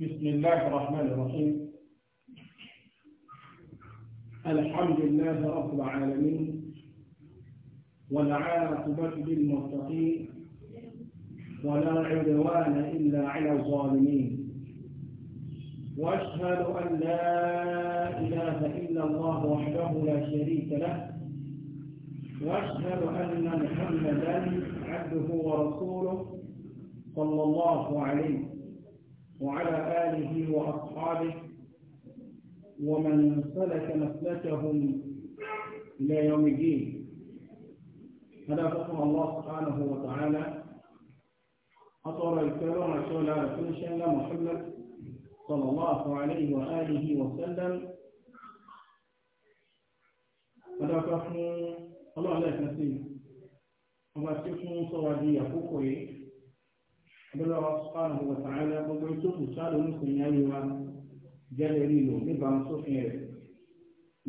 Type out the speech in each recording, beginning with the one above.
بسم الله الرحمن الرحيم الحمد لله رب العالمين والعاقبة للمتقين ولا عدوان إلا على الظالمين وأشهد أن لا إله إلا الله وحده لا شريك له وأشهد أن محمدا عبده ورسوله صلى الله عليه وعلى آله وأصحابه ومن سلك مسلكهم إلى يوم الدين هذا فقه الله سبحانه وتعالى أطر الكرم رسول كل شيء محمد صلى الله عليه وآله وسلم هذا فقه الله لا يتنسيه وما تكون عليه وسلم bọ́lọ́wọ́ sọ́kànlá wọ̀ sàánà gbogbo tó kù sáré oníṣẹ́ yá ni wa jáde rí lò níbàámu sófin rẹ̀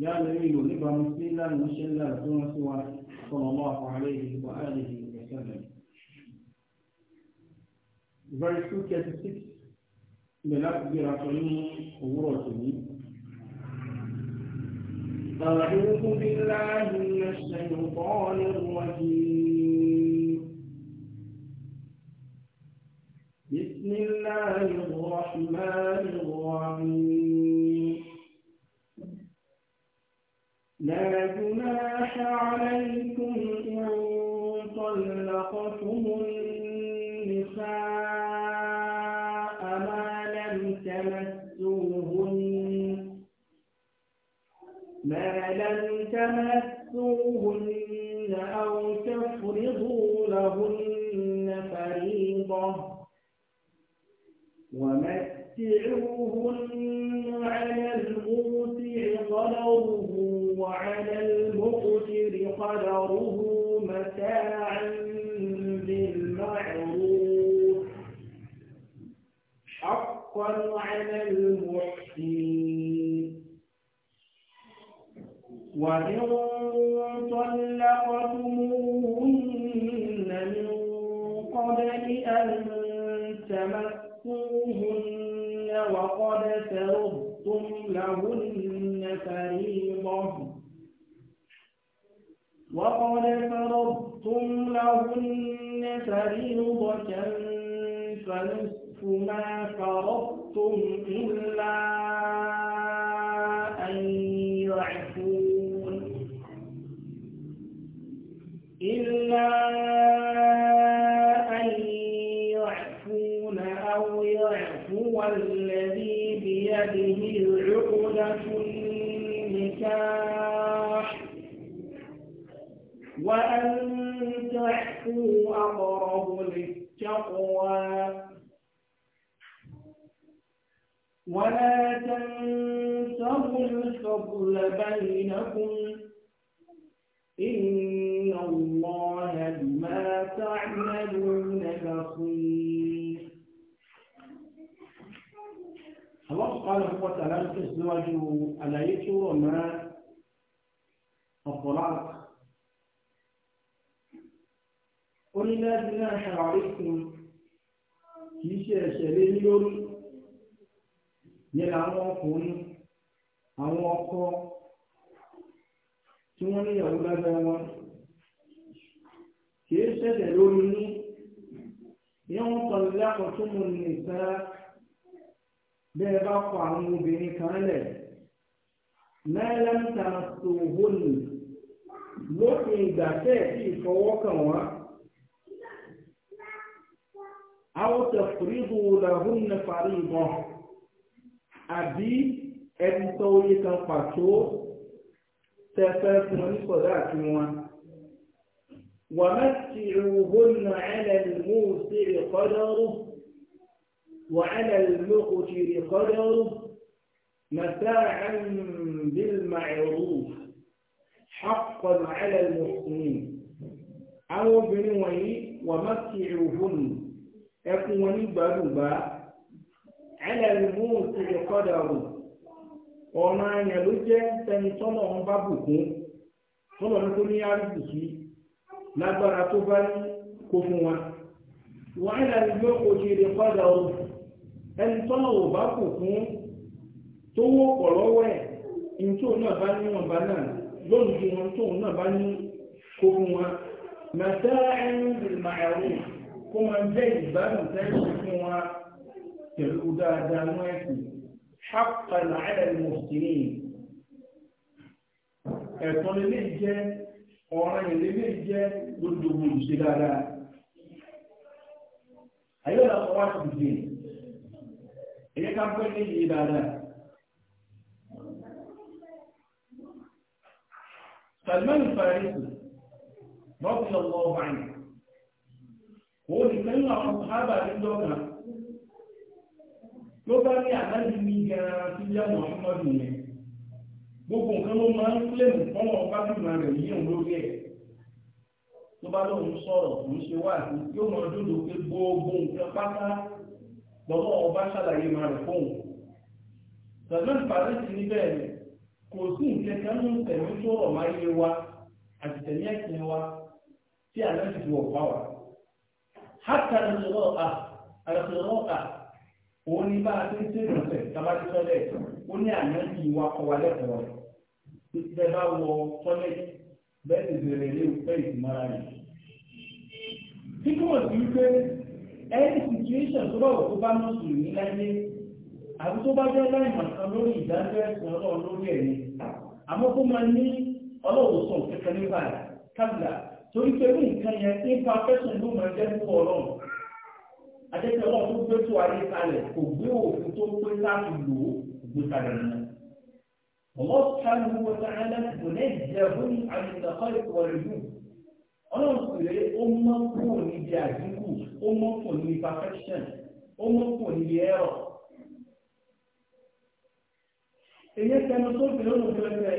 jáde rí lò níbàámu sí lánàá oníṣẹ́ ńlára tó wọ́n sí wa sallallahu alayhi wa alihi wa sallam. Verse 236 lè láti gbéra sọ ní òwúrọ̀ tòní. أعوذ بالله من الشيطان الرجيم بسم الله الرحمن الرحيم لا جناح عليكم إن طلقتم النساء ما لم تمسوهن ما لم تمسوهن أو تفرضوا لهن ومتعوهن على الموسع قدره وعلى المقتر قدره متاعا بالمعروف حقا على المحسنين وإن طلقتموهن من قبل أن تمسوا لهن فريضة وقد فرضتم لهن فريضة فنصف ما فرضتم إلا أن يعفون إلا أن يعفون أو يعفو الذي بيده العقدة النكاح وأن تحكوا أقرب للتقوى ولا تنسوا الفضل بينكم إن الله بما تعملون sùpánù pọ̀ tàlá ń tẹ̀síwájú àlàyé tí ó rọ̀ mọ́ الطلاق قل لا جناح عليكم kìí ṣe ẹ̀ṣẹ̀ lé ní lórí yẹn làwọn ọkùnrin àwọn ọkọ tí wọ́n níyàwó lábẹ́ wọn kìí ṣẹ̀ṣẹ̀ lórí ní yẹn wọ́n tọ̀lé lákọ̀tún mu nìkan bí ẹ bá kọ àwọn obìnrin kan lẹ̀ mẹ́lẹ́ńtà sòhónì lópin ìgbà tẹ́ ẹ̀ sì fọwọ́ kàn wá. àwọn tẹ̀fúrígù làhùn ní parí àbí ẹni tó yẹ kan pàtó tẹ́fẹ́ fún wọn ní àti wọn. ومتعوهن على الموسع قدره وعلى المقتر قدر متاعا بالمعروف حقا على المحسنين أو بنوي ومتعوهن أكون بابا على الموسع قدره ọ̀nà àyàn ló jẹ́ tẹni tọ́lọ̀ wọn bá bùkún tọ́lọ̀ ní kó ní àrùbùkí lágbára tó bá kó fún wa wàhálà ìgbé òjì èdè ẹni tọ́nà ò bá kò fún tó wó pọ̀ lọ́wọ́ ẹ̀ ní tóun náà bá ní wọn bá náà lónìí ju wọn tóun náà bá ní kó fún wọn màtá ẹni lè máa rò kó máa jẹ́ ìgbádùn tẹ́lẹ̀ fún wọn pẹ̀lú dáadáa ní ẹ̀sìn ṣàpà láàrẹ̀ mùsùlùmí ẹ̀tọ́ lè jẹ́ ọ̀ràn ìlélẹ́ jẹ́ gbogbo olùṣe dáadáa. ayọ́lá ọwọ́ àti ìdíyẹ̀ èyí ká pẹ́ ní yìí dáadáa. Salman Farisi rọ́bì ọmọ ọba yìí kò ní sẹ́yìn àwọn sábà ní lọ́kàn ló bá ní àdájú ní gan-an sí yá Muhammadu yẹn gbogbo nǹkan ló máa ń kílẹ̀mù fọ́nà ọba tó máa rẹ̀ yíyan lórí ẹ̀ tó bá lóun sọ̀rọ̀ kò ń ṣe wá yóò máa dúdú pé gbogbo nǹkan pátá lọ́wọ́ ọba ṣàlàyé máa rẹ̀ fóun salman paris ní bẹ́ẹ̀ ni kò sí nǹkan kan ní tẹ̀mí tó rọ̀ máa yé wa àti tẹ̀mí ẹ̀sìn wa tí àlẹ́ ti wọ̀ bá wa hátà ìṣòro à àlẹ́sọ̀rọ̀ à òun ní bá a ti ń ṣe ìrọ̀sẹ̀ tábàtí sọ́lẹ̀ ó ní àná yìí wa kọ́ wa lẹ́kọ̀ọ́ rẹ̀ títí bá wọ sọ́lẹ̀ bẹ́ẹ̀ ti bẹ̀rẹ̀ léwu bẹ́ẹ̀ ti mọ́ra rẹ̀. kíkọ́ sí any situation tó bá wò tó bá mùsùlùmí láyé àbí tó bá jẹ́ láì màkan lórí ìdájọ́ ẹ̀sìn ọlọ́run lórí ẹ̀mí àmọ́ kó máa ní ọlọ́run sọ kẹkẹrẹ nípa rẹ̀ kábìlà torí pé ní nǹkan yẹn nípa fẹ́sùn ló máa jẹ́ fún ọlọ́run adẹ́tẹ̀ ọlọ́run tó gbé tó ayé kalẹ̀ kò gbé òfin tó pé láti lò ó gbé kalẹ̀ nínú. ọlọ́sùn kan ló wọ́n ta ọlọ́run sì rẹ̀ ó mọ́ kúrò níbi àdínkù ó mọ́ kúrò níbi perfection ó mọ́ kúrò níbi error. èyí tẹnu tó fi lọ́nà fẹ́fẹ́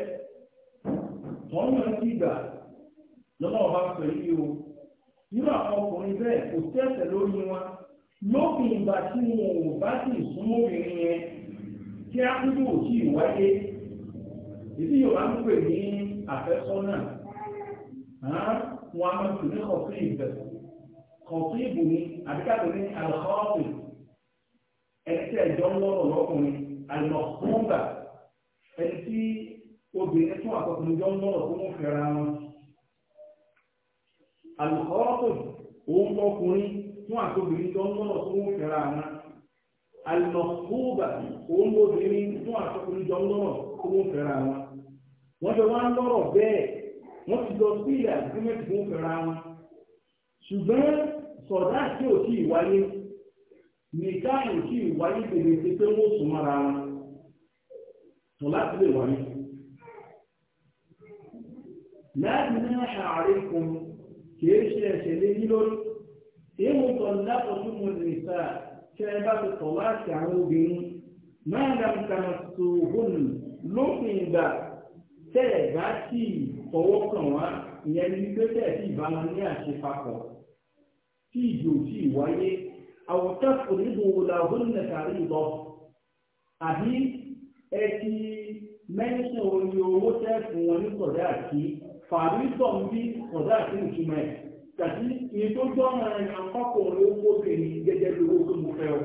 wọ́n yàn sí ìgbà lọ́nà ọba pẹ̀lú yìí o nínú àwọn ọkùnrin bẹ́ẹ̀ kò sí ẹ̀ṣẹ̀ lórí wọn lópin ìgbà tí wọn ò bá sì súnmọ́ obìnrin yẹn kí á kúrò òjì ìwáyé ìdí Yorùbá ń pè ní àfẹ́sọ́nà wọn a máa tù ní kọ̀ọ̀tún ìbẹ̀ kọ̀ọ̀tún ìbò ni àbíkàtò ní alùpàwọ̀pì ẹni tí ẹ̀jọ́ ń lọ́rọ̀ lọ́kùnrin alùpàwọ̀pà ẹni tí obìnrin tún àkọkùnrin jọ ń lọ́rọ̀ tó mú fẹ́ra wọn alùpàwọ̀pì òun lọ́kùnrin tún àkọkùnrin jọ tó mú fẹ́ra wọn alùpàwọ̀pà òun lọ́bìnrin tún àkọkùnrin jọ tó mú fẹ́ra wọn wọ́n jọ wá ń wọ́n ti lọ sí ilẹ̀ àgbẹ̀mẹ̀tì fún fẹ́ra wọn ṣùgbọ́n sọ̀dá tí ò tí ì wáyé nìkan ò tí ì wáyé bèrè ti pé wọ́n sùn mọ́ra wọn tó láti lè wáyé. láti ní àárẹ̀ kan kìí ṣe ẹ̀ṣẹ̀ lé ní lórí èèmù tó lápò tó mo lè sá kí ẹ bá ti tọ̀ láti àwọn obìnrin máa dàbí kàmà tó hùn lópin ìgbà tẹ́ẹ̀ bá sì fọwọ́ kàn wá ìyẹn ní pé tẹ́ẹ̀ sì bá wọn ní àṣepapọ̀ tí ìdí ò sì wáyé àwòtán oníbo làwọn nẹ̀kàrí lọ àbí ẹ ti mẹ́ńsàn orí owó tẹ́ fún wọn ní sọ̀dá àti fàbíìtọ̀ ń bí sọ̀dá àti ìtumọ̀ ẹ̀ tàbí iye tó gbọ́nà àkọ́kọ̀ọ́rẹ́ owó obìnrin gẹ́gẹ́ bí owó tó mo fẹ́ o.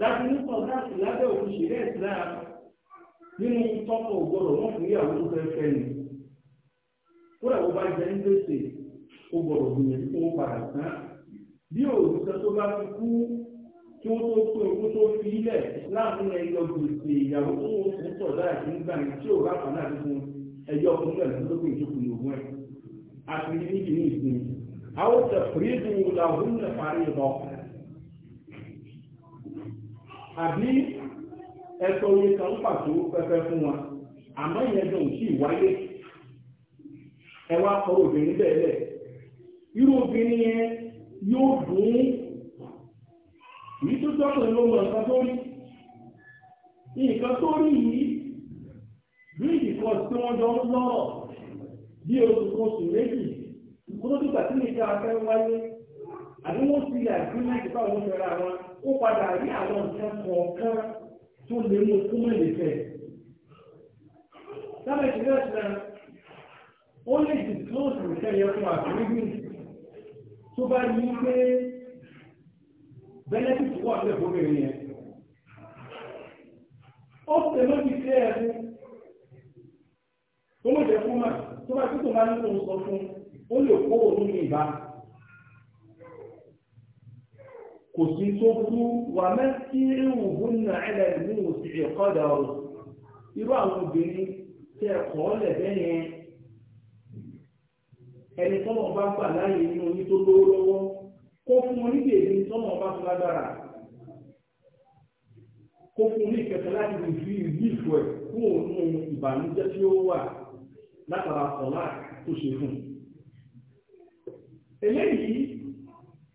láti ní sọ̀dá àti lábẹ́ òfin ṣẹlẹ̀ nínú tọ́pọ̀ ògbọ́dọ̀ wọ́n fún ìyàwó tó fẹ́ fẹ́ ni kódà wọ́n bá jẹ́ ń gbèsè ó gbìyànjú kó padà tán bí òrùka tó bá ti kú ó tó tó fi ilẹ̀ láàrin ẹyọ gbèsè ìyàwó tó fún sọ̀dá àti nígbà tí òrùka kan náà fún ẹyọ tó ìjókòó ẹ̀ àti ní ní ìsìn àbí ẹ̀tọ́ oye kan pàtó pẹpẹ fún wa àmọ́ ìyẹn dùn sí ìwáyé ẹ wá kọ obìnrin bẹ́ẹ̀ lẹ̀ irú obìnrin yẹn yóò dùn yìí tó tọ́kùnrin nǹkan tó rí nǹkan tó rí yìí bí ìdìkan tí wọ́n jọ ń lọ́rọ̀ bí oṣù kan oṣù méjì kó tó dìgbà tí nìkan wáyé àbí wọ́n ti yà sí méjì fẹ́ra wọn ó padà rí àwọn nǹkan kọ̀ọ̀kan tó lè mú kó mọ̀ lè fẹ́. Sábà ti rẹ̀ sẹ́, ó lè ti close ìfẹ́ yẹn fún àgbègbè tó bá yí pé benefit wà lè fún mi yẹn. Ó sì lè lóbi sí ẹ̀rí. Tó mọ̀ jẹ́ fún mà, tó bá tó tó máa ń lò ń sọ fún, ó lè kó òun ní ìbá. kò sí tó kú wà mẹ́sí ìwòhún náà ẹ̀lẹ́ ìlú òsì ìkọ́dà ọ̀rọ̀ irú àwọn obìnrin ẹni tọ́mọ̀ bá gbà láàyè nínú oní tó lówó lọ́wọ́ kó fún wọn níbi èdè tọ́mọ̀ bá lágbára fún ní láti fi fún òun ìbànújẹ́ tí ó wà látara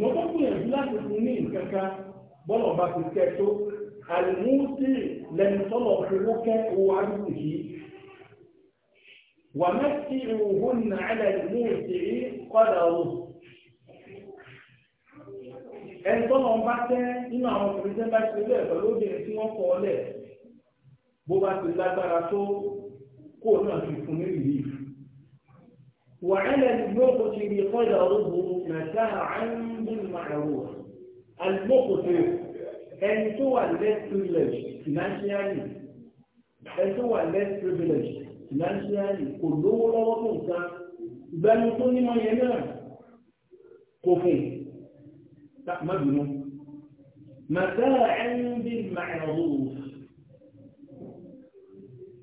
ṣùgbọ́n tó gbìyànjú láti fún ní nǹkan kan bọ́lọ̀ bá ti kẹ́ tó àlùmúsì lẹ́nu tọ́lọ̀ owó kẹ́ owó arúgbó yìí wà mẹ́sì ìwòhún nà ẹ̀lẹ́ ìmúsì kọ́dà o ẹni tọ́lọ̀ bá tẹ́ nínú àwọn ọkùnrin tẹ́ bá ti lẹ̀ pẹ̀lú obìnrin tí wọ́n kọ́ lẹ̀ bó bá ti lágbára tó kó náà ti fún ní ìlú وعلى الموقف بقدره متاعا بالمعروف المقتل ẹni tó wà less privileged financially ẹni tó wà less privileged financially kò lówó lọ́wọ́ tó nǹkan ìgbẹ́nu tó nímọ̀ yẹn náà kò fún má bínú màtá ẹni bí màrúf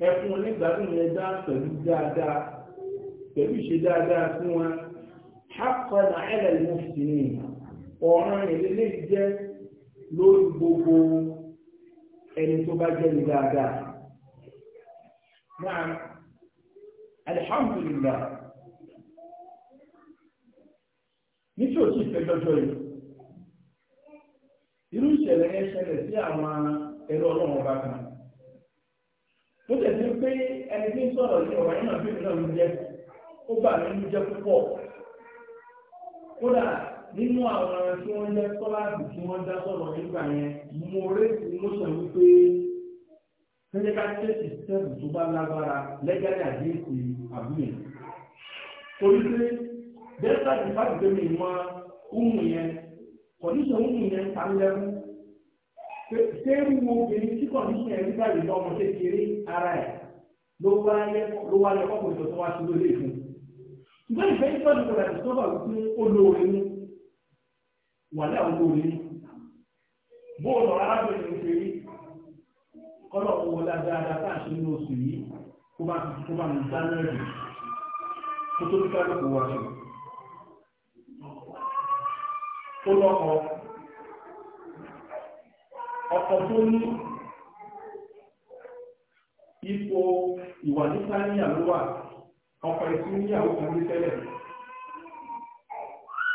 ẹkùn onígbàdùn yẹn dá pẹ̀lú dáadáa pẹ̀lú ìṣe dáadáa fún wa حقا على المسلمين. ọ̀ràn ìlélẹ́ jẹ́ lórí gbogbo ẹni tó bá jẹ́ ní Náà alihamdulilah nítorí òtún ìfẹ́jọ́jọ́ yìí irú ìṣẹ̀lẹ̀ yẹn ṣẹlẹ̀ sí àwọn ẹ̀rọ ọlọ́run ọba kan tó tẹ̀sí pé ẹni tí ń sọ̀rọ̀ sí ọ̀rọ̀ yìí náà náà ń jẹ́ ó mí ń jẹ́ púpọ̀ nínú àwọn tí wọ́n jẹ́ kọ́láàbù tí wọ́n dá sọ̀rọ̀ nígbà yẹn mo rétí mo sọ wípé kẹ́lẹ́ká tẹ́sí sẹ́ẹ̀bù tó bá lágbára lẹ́gàdì àdéhùn àbúyẹ̀. torí pé dẹ́sítà ti bá dìde mi mọ ohun yẹn kọ̀díṣọ̀ ohun yẹn ta lẹ́rú. ṣé wo obìnrin tí kọ̀díṣọ̀ yẹn nígbà yìí lọ́mọ kékeré ara ẹ̀ ló wá lẹ́kọ̀ọ́ ìjọ tó wá sí lórí ìfún. ṣùgbọ́n ìfẹ́ ìfọ́dù kọ̀dà tó sọ́fà wà ní àwọn olóòrè ní bóòlù arábìnrin ń ṣeré kọ́lọ̀ owó dáadáa tá à ń ṣe nínú oṣù yìí kó bá ti kó bá mi dáná rẹ̀ kó tó ní káàdì kó wá sí. ó lọ́kọ ọkọ̀ tó ní ipò ìwà nípa níyàwó wà ọkọ̀ ìsúnyàwó kan ní tẹ́lẹ̀.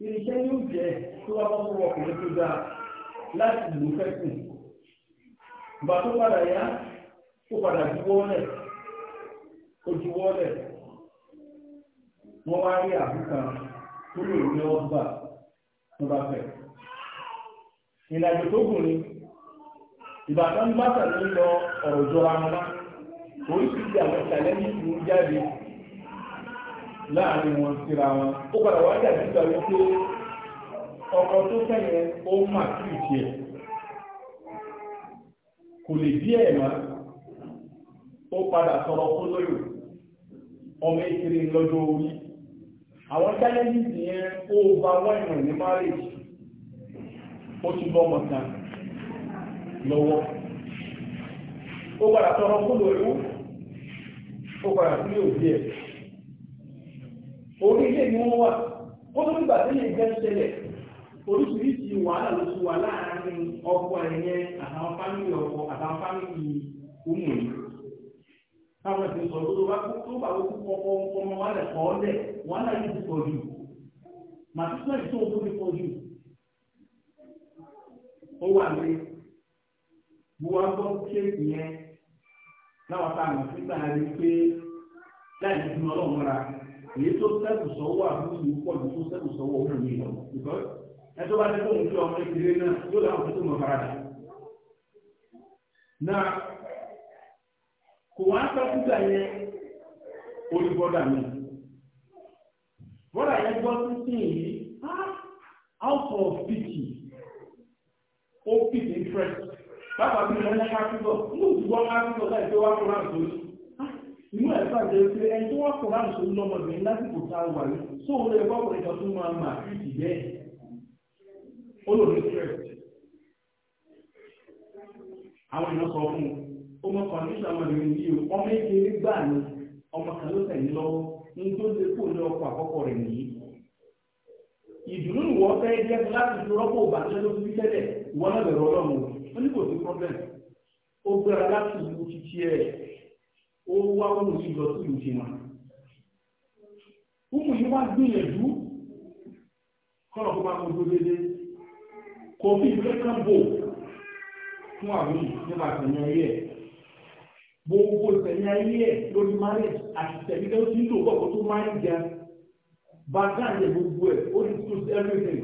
irinṣẹ́ yóò jẹ́ tó wá kọ́kọ́ wọ ọkùnrin tó dáa láti lò fẹ́kùn ìgbà tó padà yá ó padà juwọ́lẹ̀ ó juwọ́lẹ̀ wọ́n wá rí àbúkà tó lè rí ọgbà tó bá fẹ́ ìlàjò tó gùn ni ìbàdàn bá tàbí lọ ọ̀rọ̀ jọra wọn lá oríṣiríṣi àwọn ìṣàlẹ̀ yìí ń jáde láàrin wọn síra wọn ó padà wá jà nígbà wípé ọkọ tó fẹ̀yẹ ó mà sí ìtì ẹ̀ kò lè bí ẹ̀ mọ́ ó padà sọ̀rọ̀ fún lóyò ọmọ ìkiri lọ́jọ́ orí àwọn challenges yẹn ó bá wọ́n ní marriage ó ti lọ́mọ kan lọ́wọ́ ó padà sọ̀rọ̀ fún lóyò ó padà sílé òbí ẹ̀ orílẹ̀ ni wọ́n wà ó tó nígbà tí yẹn ṣẹlẹ̀ wàhálà ló ti wà láàárín ọkọ ẹ̀yẹ àtàwọn fámìlì ọkọ àtàwọn fámìlì ọmọ yìí káwọn ẹ̀sìn sọ tó bá tó bá ọmọ wa lẹ̀ kọ́ lẹ̀ yìí ti pọ̀ jù tó tó pọ̀ jù ó wà lé buwa a pé láì èyí tó sẹ́kù sọ́wọ́ àbúrò yìí pọ̀ ju tó sẹ́kù sọ́wọ́ òun mi lọ ìbọn ẹjọ́ bá dẹ́kọ̀ òun fi ọmọ ìdílé náà yóò láwọn tó tó mọ̀ farada. na kò wá sọ́kúta yẹn olùbọ́dà mi bọ́dà yẹn gbọ́ sí sí yìí ah, out of pity ó pity interest bàbá mi lọ́ọ́ ní kápítọ̀ ní òtún wọ́n kápítọ̀ láì tó wá fún wa nítorí. irú ẹ̀ pàdé pé ẹni tó wọ́n kọ̀ọ̀rọ̀ àṣọ lọ́mọbìnrin lásìkò tá a wà ní sóòwò lè bọ́ ọkùnrin tó máa mà fìdí bẹ́ẹ̀ ó lò àwọn o ọmọ gbà ní ọmọ kan ló tẹ̀yìn lọ́wọ́ ní tó ṣe kó ní ọkọ̀ àkọ́kọ́ rẹ̀ nìyí ìdùnnú ìwọ fẹ́ jẹ́ láti fi rọ́pò ló fi tẹ́lẹ̀ ìwọ ó wá ọmọ sí lọ sí ìlú wọn ọmọ yìí wá gbìyànjú kọ́nà kó bá mú ojú dédé kò fi ìfẹ́kàn bò fún àwọn yìí nípa àtẹ̀yìn ayé ẹ̀ gbogbo ìtẹ̀yìn ayé ẹ̀ lórí marriage àti ìtẹ̀yìn tó ti ń lò pọ̀ tó máa ń jẹ bàtàǹdẹ̀ gbogbo ẹ̀ ó ti tó sí everything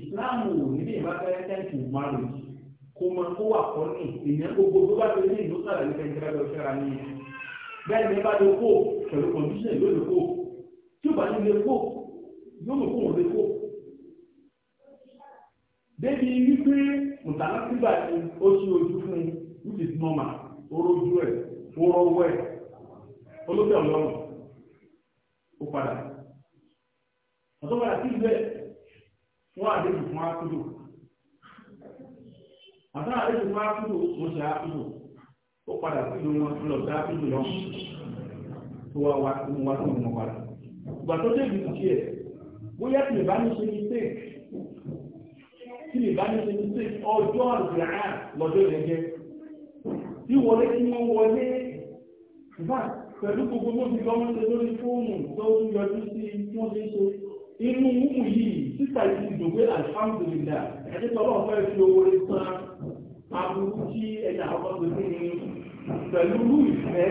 Islam ò ní bí ìbá fẹ́ tẹ́ǹtì marriage kó mọ kó wà kọ́ ní èèyàn gbogbo tó bá ti ní ìlú sàlẹ̀ ní kẹ́kẹ́rẹ́ lọ ṣẹ́ra ní ìlú bẹ́ẹ̀ ni bá lè kó pẹ̀lú kọ̀ǹdíṣẹ̀ yóò lè kó tí ó bá ní lè kó yóò lè kó òun lè kó. débi wípé mùtàlá sígbà ni ó ṣe ojú fún un which is normal oró ojú ẹ̀ oró ọwọ́ ẹ̀ olóṣèlú ọlọ́run ó padà. àtọ́padà sí ibẹ̀ wọ́n àdéhùn fún akúdò àbá àlejò bá kúrò mo ṣe àkúrò ó padà sí ìlú wọn lọ sí àkúrò lọ tó wá wá tó wá tó wọn padà ìgbà tó dé ìlú tiẹ̀ bóyá tí ìbá ní ṣe ní sèk tí ìbá ní ṣe ní sèk ọjọ́ àgbà lọ́jọ́ yẹn jẹ́ tí wọlé tí wọ́n wọlé ìbá pẹ̀lú gbogbo bó ti lọ́wọ́ ṣe lórí fóònù tó ń yọjú sí wọ́n ṣe ṣe inú wúwú yìí títà ìdìbò pé alhamdulillah ẹ̀jẹ̀ tọ́lọ́ fẹ́ fi owó rí sán aburú tí ẹ̀dà ọkọ̀ tó ti ní pẹ̀lú rú ìfẹ́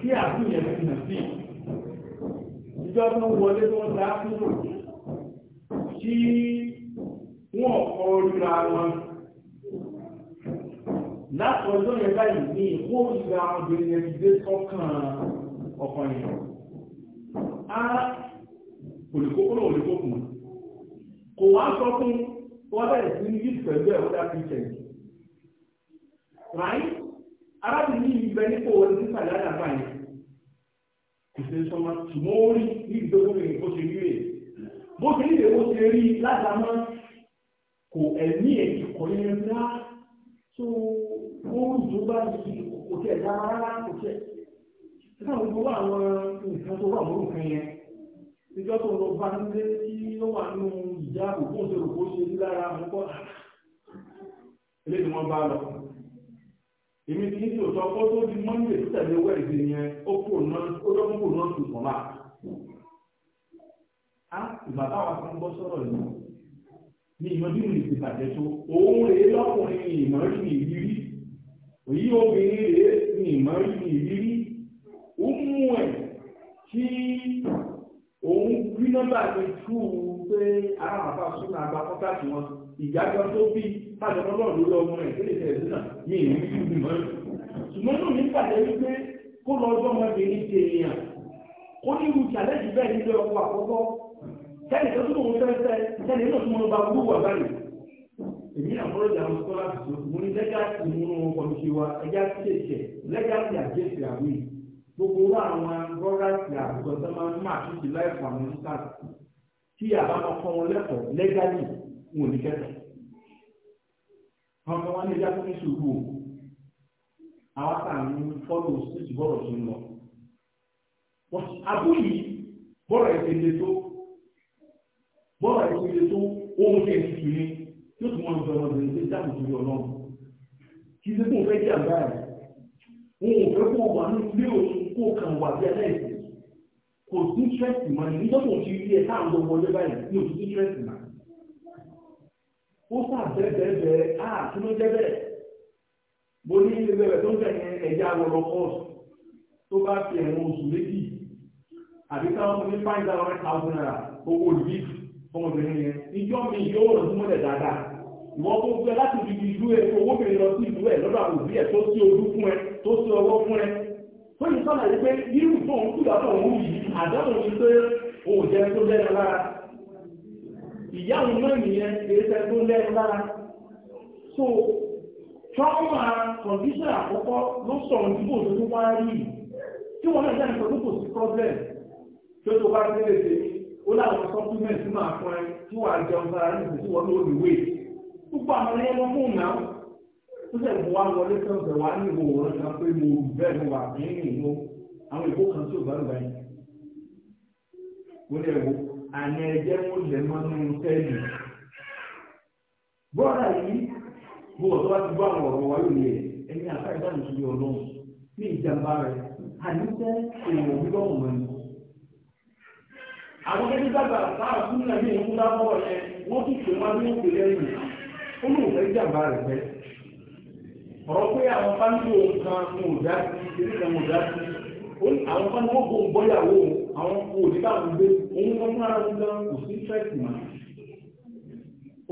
tí àtúnyẹ̀ ti nà sí ìjọ tó wọlé tó ń ta kúrò tí wọ́n kọ́ ríra wọn láti ọjọ́ yẹn báyìí ní ìwó ìgbà obìnrin yẹn ti dé sọ́kàn ọkàn yẹn á olùkókòrò olùkókùn kò wá sọ fún wọ́n bẹ̀rẹ̀ sí ní yìí pẹ̀lú ẹ̀wọ́dá píṣẹ̀lì right arábìnrin yìí bẹ nípò orin nípa ìlànà àbáyé kò sí sọmọ ṣùgbọ́n ó rí ní ìdókòwò rẹ̀ bó ṣe rí rẹ̀ bó ṣe rí rẹ̀ bó ṣe rí lásàmọ́ kò ẹ̀mí ẹ̀ ìkọ̀ yẹn rá tó oòrùn tó bá di kò tẹ̀ dára rárá kò tẹ̀ nígbà gbogbo àwọn nǹkan tó wà mọ́ nǹkan yẹn ìjọ tó lọ bá nílé tí ó wà nínú ìjà àbùkù òṣèlú kó ṣe lára àwọn kọ́ ah, èmi ti ní kí òtọ́ tó di monday tó tẹ̀lé wẹ́ẹ̀dì yẹn ó kó máa. a ìgbà kan bọ́ yìí mi ti bàjẹ́ tó òun rèé lọ́kùnrin òyí obìnrin rèé ó mú ẹ̀ òun rí nọ́mbà mi tú pé ara àpá súnmọ́ àgbà kọ́tàkì wọn ìjájọ́ tó bí tájọ́ lọ́rùn lórí ọmọ rẹ̀ sílẹ̀ tẹ̀lé náà ní ìlú ìlú mọ́ ṣùgbọ́n náà mi pàdé wípé kó lọ ọjọ́ ọmọbìnrin ti èèyàn ó ní irú challenge bẹ́ẹ̀ nílé ọkọ̀ àkọ́kọ́ tẹ́lẹ̀ tó tún òun fẹ́ tẹ́lẹ̀ náà tún mọ́ bá wà báyìí èmi náà mọ́ lọ́jà àwọn sọ́lá mo ní lẹ́gàsì mú wọn kọ́ gbogbo owó àwọn rọ́ràtì àtúntò tó máa ń máa tún ti láìpọ̀ àwọn nípasẹ̀ tí àbámọ́ kọ́ wọn lẹ́kọ̀ọ́ lẹ́gàlì wọn ò ní kẹ́kọ̀ọ́. àwọn kan wá ní ìyá tó o àwọn kan ní fọ́lù síìtì bọ́ọ̀rọ̀ tó ń lọ. àbú yìí bọ́ọ̀rọ̀ ẹ̀ tẹ̀lé tó bọ́ọ̀rọ̀ ẹ̀ tẹ̀lé tó ohun tẹ̀ ní tù ní yóò tún wọn bẹ̀rẹ̀ ọ̀dẹ̀ ní dáàbò tó yọ náà kì í ṣe kó o fẹ́ jẹ́ àgbáyà wọn ò fẹ́ kó o kó kàn wà bí aláìsí kò sí tírẹ́sì mọ́ ni nítorí òun ti rí ẹ táwọn ọmọ ọjọ́ báyìí ní òtútù tírẹ́sì mọ́ ó sà bẹ́ẹ̀bẹ́ẹ̀bẹ́ á kí ló jẹ́ bẹ́ẹ̀ mo ní ilé bẹ́ẹ̀ tó ń tẹ̀ ní ẹ̀yà wọ̀rọ̀ kọ́ọ̀sì tó bá fi ẹ̀wọ̀n oṣù méjì àbí táwọn ní five thousand thousand naira owó olùbíkì ọmọbìnrin yẹn ìjọ mi yóò rọ̀ fún mọ́lẹ̀ dáadáa ìwọ́n tó gbé láti ibi ìlú ẹ̀ owó bèrè lọ sí ìlú ẹ̀ lọ́dọ̀ àwọn òbí ẹ̀ tó sí ojú fún ẹ tó sí ọwọ́ fún ẹ tó yìí sọ́nà yìí irú tó ń kúrò àtọ̀ òun yìí àdáwò yìí pé òun jẹ́ tó lẹ́nu lára ìyá náà nìyẹn kìí tó lẹ́nu lára so trauma condition àkọ́kọ́ ló sọ̀rọ̀ nígbò tó wá rí tí wọ́n náà jẹ́ tó kò sí problem tó tó bá gbé lè ó láwọn supplement máa fún ẹ tí wàá jẹun sára nígbà tí wọ́n ló lè wé gbogbo àwọn fún náà ó sì mú wá wọlé tó ń bẹ̀ wá ní ìwò wọn kan pé mo bẹ́ẹ̀ mo wà ní ìlú àwọn ìbò kan tó gbàgbà yìí wọ́n lè wo àní ẹ̀jẹ̀ wọn lè mọ́ nínú tẹ́lẹ̀ bọ́ọ̀dà yìí mo wọ̀ tó bá ti gbọ́ àwọn ọ̀rọ̀ wa yóò yẹ ẹni àká ìdáhùn sí ọlọ́run ní ìjàmbá rẹ̀ àníṣẹ́ èèyàn gbígbọ́ wọn ni àwọn ẹni dàgbà sáà fún nàìjíríà ń kú wọ́n tún pè wá ní òkèlè ọ̀rọ̀ pé àwọn fáńtì òun kan mo dá sí eré kan mo dá sí ó ní àwọn fáńtì wọn kò ń bọ́yàwó àwọn kò ní báwọn gbé òun kan fúnra wọn gan kò sí fẹ́ẹ̀sì mà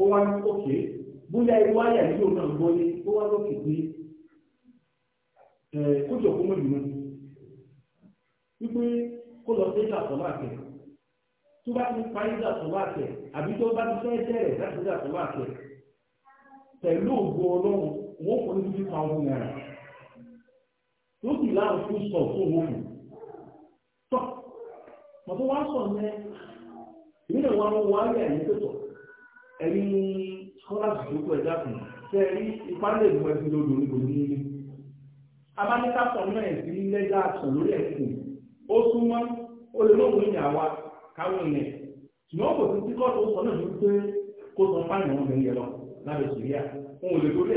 ó wá ní òkè bóyá irú ayà yìí ò náà gbọ́ ní ó wá lókè pé kójọ kó mọ̀ jùlọ wípé kó lọ sí ìdàtọ̀lá àtẹ̀ tó bá ti parí ìdàtọ̀lá àtẹ̀ àbí tó bá ti fẹ́ bẹ̀rẹ̀ láti ìdàtọ̀lá àtẹ̀ pẹ̀lú ògo ọlọ́run one forty three thousand naira tó sì láàrín fún sọ fún owó fún tọ màtó wá sọ ní ìbílẹ̀ wa ló wá rí ẹ̀yìn pẹ̀tọ̀ ẹ̀yìn scholarship tó kọ ẹ̀dá fún ṣe sọ lórí ẹ̀sìn ó súnmọ́ ó lè ní àwa káwọn ṣùgbọ́n kò sí sọ náà ní pé kó sọ lọ lábẹ́ sùúrìà òun ò lè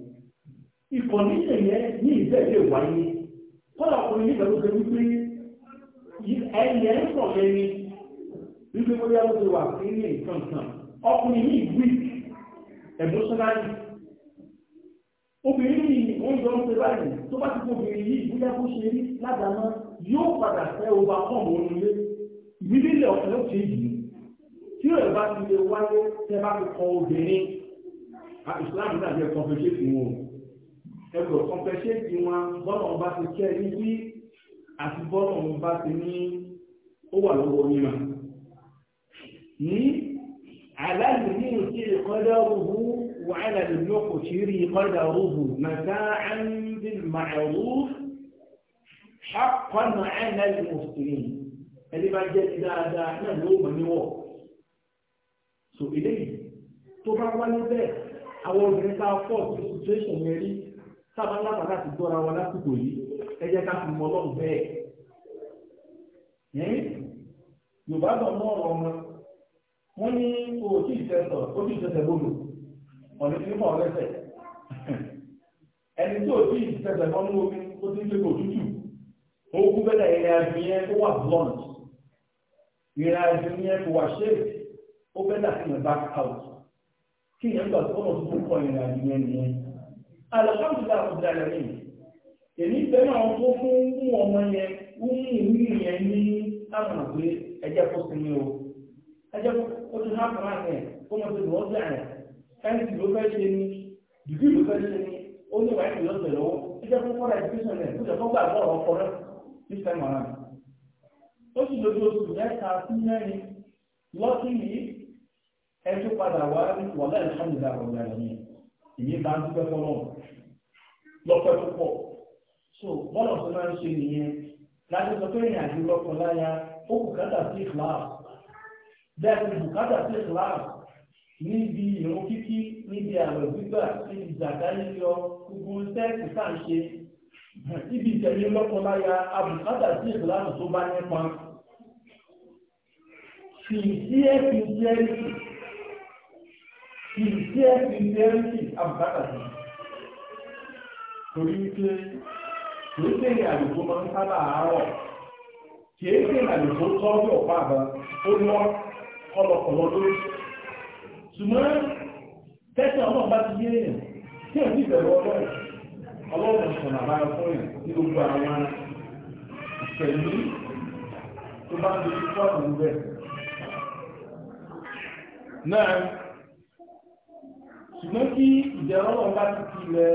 ìkọ̀níṣẹ̀ yẹn ní ìbẹ̀rẹ̀ wáyé kọ́lá ọkùnrin nígbà tó ṣe wípé ẹ̀yẹ ń sọ lẹ́ni wípé ó yá ló ṣe wà sí ní nǹkan kan ọkùnrin ní ìwé emotionally obìnrin ní oúnjẹ ń ṣe báyìí tó bá ti obìnrin yìí bóyá kó ṣe rí ládàámọ́ yóò padà fẹ́ ọba kọ́ọ̀mù onílé ìdílé ọ̀sẹ̀ ó ṣe yìí tí ó bá ti lè wáyé tẹ́ bá ti kọ obìnrin ìsìláàmù náà jẹ́ kọ́fẹ́ṣẹ́ fún wọn ẹgbẹ́ kọ́mpẹ́ṣẹ́ẹ̀tì wọn bọ́lá wọn bá ti kẹ́ ẹ níbí àti bọ́lá wọn bá ti ní ó wà lọ́wọ́ yín mà. ní aláàlú ní ìṣe ìkọ́dá òhù wàhálà nínú kò sí rí ìkọ́dá òhù màtá àǹdí màrú ṣàkọ́nà àìlá ìmùsùlùmí ẹni bá jẹ́ ti dáadáa náà ló mọ̀ níwọ̀. tó bá wá níbẹ̀ àwọn obìnrin tá a situation yẹn rí sábà ńlá bàtà ti gbọ́ra wa lásìkò yìí ẹ jẹ́ ká fi mọ ọlọ́run bẹ́ẹ̀. yorùbá bọ̀ mọ́ ọ̀rọ̀ ọmọ wọ́n ní òtí ìtẹ̀sọ̀ òtí ìtẹ̀sẹ̀ bọ́ọ̀lù ọ̀nà tí mọ̀ ọ̀rẹ́sẹ̀ ẹni tí òtí ìtẹ̀sẹ̀ mọ́ ní omi ó ti ń gbé kò tútù ó kú bẹ́ẹ̀ ìrìn àjò yẹn kó wà blunt ìrìn àjò kó wà shape ó bẹ́ẹ̀ dà sí mi back out kí ìyẹn gbà tó ọ̀nà tó kọ ìrìn àjò nìyẹn alhamdulilayi ọ̀dà lẹ́yìn èmi bẹ́ẹ̀ náà tó fún mú ọmọ yẹn mú ìwé yẹn ní àmàlà pé ẹjẹ́ kó sinmi o ẹjẹ́ kó tún hàn kàn án yẹn kó mọ̀ sí lọ́ọ́ bẹ́ẹ̀ yẹn ẹni tí ló fẹ́ ṣe ni dùdú ló fẹ́ ṣe ni ó ní wàá ìlú ọ̀sẹ̀ lọ́wọ́ ẹjẹ́ kó kọ́ra ẹ̀dúkẹ́sọ̀n rẹ̀ kó jẹ́kọ́ gbà bọ́ọ̀rọ̀ ọkọ rẹ̀ ní sẹ́mọ̀ náà ó sì lójú oṣù mẹ́ta sí mẹ́rin lọ́sìn yìí ẹ padà wá wọ̀lẹ́ alhamdulilayi ọ̀dà lẹ́yìn èyí bá ń dúpẹ́ fọlọ́ lọ́pẹ́ púpọ̀ so bọ́lọ̀ tó máa ń ṣe nìyẹn láti sọ pé ìrìn àjò lọ́kọ̀ láya ó bùkátà sí ìkìláàsì bẹ́ẹ̀ ni bùkátà sí ìkìláàsì níbi ìrún kíkí níbi àwẹ̀ gbígbà níbi ìjàdá yíyọ gbogbo sẹ́ẹ̀kì tá à ń ṣe níbi ìtẹ̀lé lọ́kọ̀ láya abùkátà sí ìkìláàsì tó bá nípa. Sincere sincerity sincere sincerity àbùkátà sí torí pé kìí ṣe ìrìn àjò máa ń sábà àárọ̀ kìí ṣe ìrìn àjò tó tọ́ bí ọ̀pá àbá tó lọ kọlọkọlọ lórí ṣùgbọ́n tẹ́sán ọmọ bá ti yé èèyàn tí ò sì bẹ̀rù ọlọ́run ọlọ́run sọ̀nà àbáyọ fún èèyàn ní gbogbo àwọn ìṣẹ̀lú tó bá ń dojú fọ́ọ̀nù rẹ̀ náà ṣùgbọ́n kí ìdẹ̀rọ̀lọ́ bá ti fi lẹ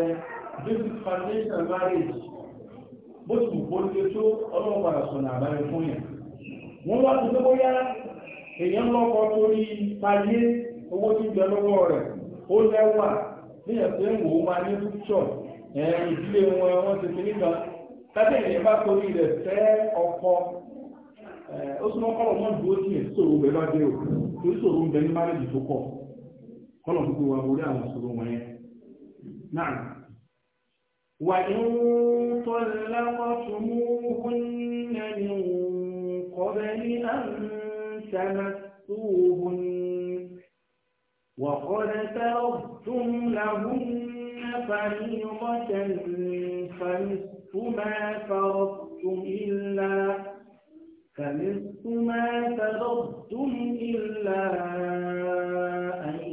basic foundation marriage bó ti kò lè tó ọlọ́run padà sọ̀nà àbáyé fún yẹn wọ́n wá ti lọ́wọ́ yá èèyàn lọ́kọ torí payé owó tí ìgbẹ́ lọ́wọ́ rẹ̀ ó lẹ́wà ní ẹ̀sẹ̀ ń wò ó máa ní píṣọ̀ ìdílé wọn wọ́n ti fi nígbà tàbí èèyàn bá torí rẹ̀ fẹ́ ọkọ ó súnmọ́ kọ́ ọmọ ìdúró tiẹ̀ sòrò bẹ́ẹ̀ bá dé o torí sòrò ń bẹ ní márèjì tó pọ̀ kọ́nà gbogbo wa orí àwọn ìṣòro wọn yẹn náà wà ní tó lápá mú kúnnà ní kọ́bẹ̀ ní àmì وقد تركتم لهن فريضة فنصف ما فرضتم إلا فنصف ما فرضتم إلا أن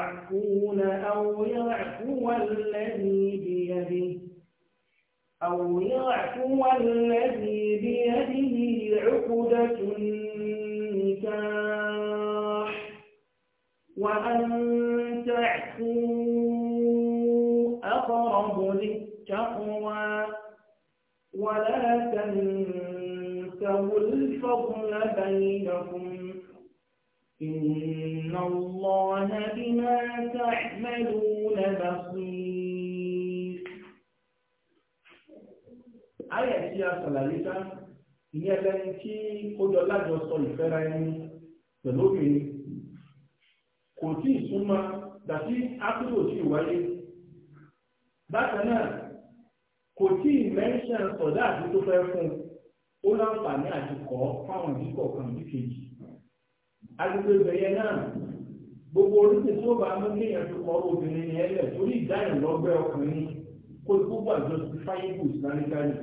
يعفون أو يعفو الذي بيده أو يعفو الذي بيده عقدة النكاح وأن تعفو أقرب للتقوى ولا تنسوا الفضل بينكم إن الله بما تعملون بصير Ayẹ̀ tí a ṣàlàyé ká, ìyẹn lẹ́ni tí ó jọ lájọ sọ ìfẹ́ra ẹni pẹ̀lú obìnrin. Kò tí ìsúnmọ́ dàtí ápùlò tí ìwáyé. Bákan náà, kò tí ìmẹ́ṣẹ́ sọ̀dá àti tó fẹ́ fún, ó láǹfààní àti kọ́ fáwọn ìdíkọ̀ọ̀kan bí kejì agbègbè ìbẹ̀yẹ náà gbogbo oríṣi tí ó bá mú kí èèyàn fi kọ́ obìnrin ni ẹlẹ̀ torí ìdáyẹ̀ lọ́gbẹ́ ọkùnrin kó ikú wà jọ sí fáyébù ìsìlámíkálì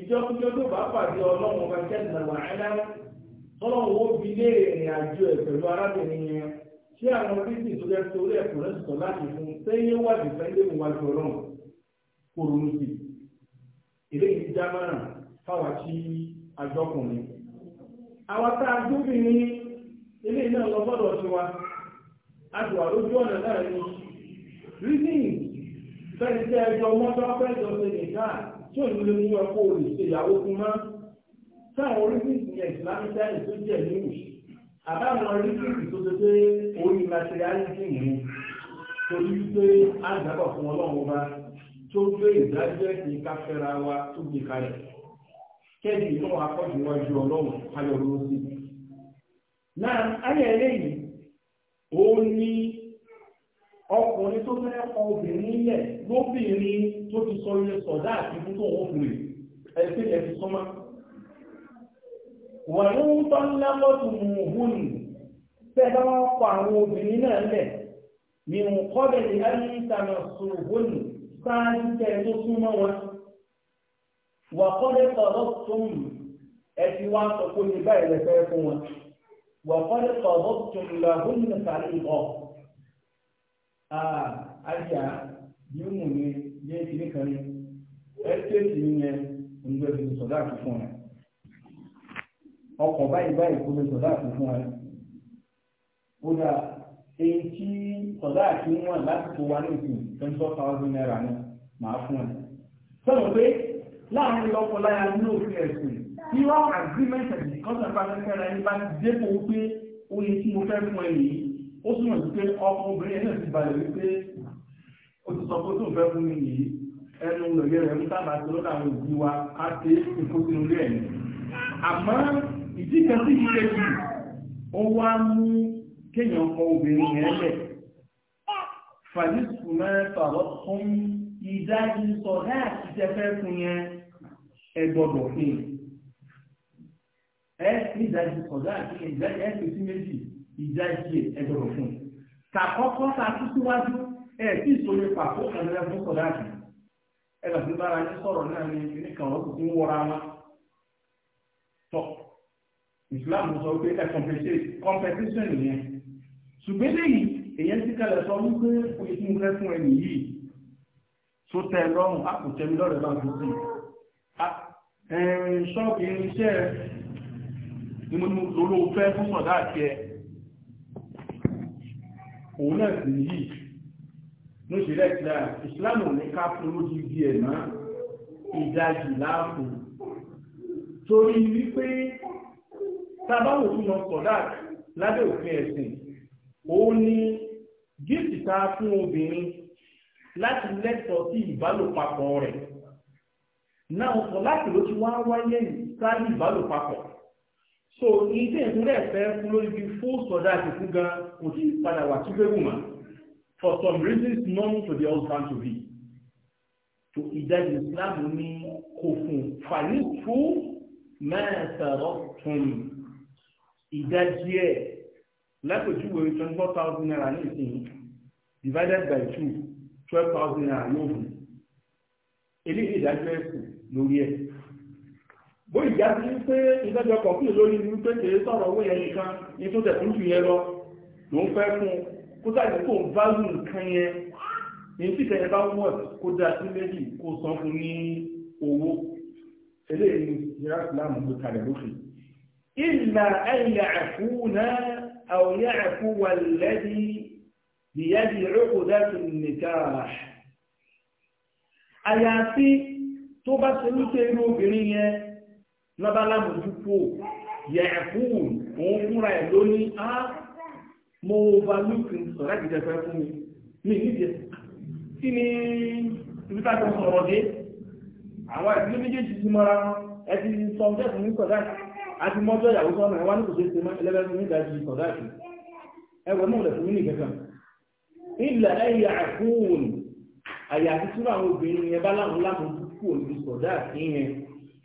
ìjọkújọ tó bá pàdé ọlọ́run ọba kẹ́ńtà wà ẹ́lá ọlọ́run ó fi lé ìrìn àjò ẹ̀ pẹ̀lú arábìnrin yẹn ṣé àwọn oríṣi tó jẹ́ torí ẹ̀kúnrẹ́ sọ láti fún sẹ́yìn wà dìfẹ́ndé mu ọlọ́run kó ilé náà lọ gbọ́dọ̀ sí wa a ti wà lójú ọ̀nà náà ní reason fẹ́ni tí ẹjọ́ mọ́tò fẹ́jọ́ ṣe nìka tí ò ní lè mú ẹ̀kọ́ òòlù ṣe ìyàwó fún mọ́ sáwọn orísìí ìyẹn ìsìlámì sáyẹn tó jẹ́ níwù àbáwọn orísìí tó ṣe pé orí materiality mú torí pé a gbàgbọ́ fún ọlọ́run bá tó gbé ìdájọ́ ẹ̀sìn káfẹ́ra wa tó gbé kalẹ̀ kẹ́ẹ̀dì náà akọ́jú wájú ọlọ́run ayọ̀ lọ́sí na ayé eleyi o ni ọkùnrin tó fẹ́ ọkọ obìnrin lóbìnrin tó ti sọ ilé sọ̀dá àti fún tó wọ́n fún ti sọ́mọ́ wà ló ń tọ́ ńlá lọ́tù mùhún ni tẹ́ àwọn obìnrin náà lẹ̀ ní kọ́bẹ̀ ní alìsàmà وقد قضبتم لهن فريضة آه أجا يومني يجي كان أتيت مني ndo fi sọdá fi fún ẹ ọkọ báyìí báyìí kó fi sọdá fi fún ẹ kódà èyí tí sọdá fi ń wọn lásìkò wa ní ìsìn twenty four thousand naira ni màá fún ẹ sọ̀rọ̀ pé láàrin lọ́kọ láya ní òfin ẹ̀sìn irọ́ agreement and discussion bá fẹ́ fẹ́ ra ẹni bá ti dépò wípé ó yẹ tí mo fẹ́ fún ẹ yìí ó túmọ̀ sí pé ọkọ obìnrin ẹni ti balẹ̀ wípé ó ti sọ pé tó fẹ́ fún mi yìí ẹnu lòye rẹ̀ ń sábà tó lọ́dọ̀ àwọn òbí wa ká ṣe ìkóso orí ẹ̀ àmọ́ ìdí kan sí ìkejì ó wá mú kéèyàn kọ obìnrin yẹn lẹ̀ fàdísù mẹ́ta lọ́kùn ìdájí sọ láti tẹ́fẹ́ fún yẹn ẹgbọ́dọ̀ fún yẹn ẹ ní ìdájí kọjá àti ìdájí ẹ pèsè méjì ìdájí ẹgbẹ̀rún fún un. kàkọ́kọ́ ta tún síwájú ẹ tí ìsòrí pàtó ẹgbẹ̀rún fún kọjá àti ẹ lọ sí bára ní sọ̀rọ̀ náà ní ní kàwọn kò tún wọra wọn. tọ́ Islam sọ pé ẹ competition nìyẹn ṣùgbọ́n lẹ́yìn èyẹ ti kalẹ̀ sọ wípé oṣù rẹ fún ẹni yìí tó tẹ lọ́rùn àpòtẹ́mi lọ́rẹ̀ bá fi sí i. ṣọ́ọ̀bù irinṣẹ́ ni mo lóró fẹ́ fún sọ̀dá àti ẹ òun náà sì ní yìí ló ṣe lẹ́tìlá ìsìláàmù ní ká fún lójú ibi ẹ̀ náà ìdajì láàfún torí wípé tàbáwò fún lọ sọ̀dá lábẹ́ òfin ẹ̀sìn òun ni gíìtì ta fún obìnrin láti lẹ́tọ̀ọ́ sí ìbálòpapọ̀ rẹ̀ náà sọ láti ló ti wá wáyé ìsáàlì ìbálòpapọ̀ so ilé ìpínlẹ̀ fẹ́ fún lórí bí fún sọ̀dá àti fún gan kò tí padà wà tí gbégùn mọ́ for some reasons known to the husband to be to ìdájọ́ Islam ní kò fún fàní fún mẹ́ẹ̀sẹ̀rọ̀ tún ìdájí ẹ̀ lápèjúwe twenty four thousand naira ní ìsìn divided by two twelve thousand naira yóò fún eléyìí ìdájọ́ ẹ̀sìn lórí ẹ̀ bó ìjà sí pé ìdájọ́ kọ̀ọ̀kì lórí ní pé kèé sọ̀rọ̀ owó yẹn nìkan ní tó tẹ̀kún jù yẹn lọ ló ń fẹ́ fún kó sáàjì kó ń bá lù nǹkan yẹn ní tí kẹyẹ bá wọ̀ kó dá sí méjì kó san fún ní owó àyàfi tó bá ṣe ní pé irú obìnrin yẹn lọ́bá lámójúkò yẹ̀ẹ̀kún òun fúnra ẹ̀ ló ní á mo bá lùkù sọ̀rọ̀ ìjẹ fẹ́ fún mi mi nídìí kí ni ìbíta tó sọ̀rọ̀ dé àwọn ìdílé méjèèjì ti mọ́ra ẹ ti sọ ọjọ́ ìfún ní sọ̀dá àti mọ́jọ́ ìyàwó sọ́nà ẹ̀wá ní kò ṣe ṣe mọ́ ẹlẹ́gbẹ́ fún mi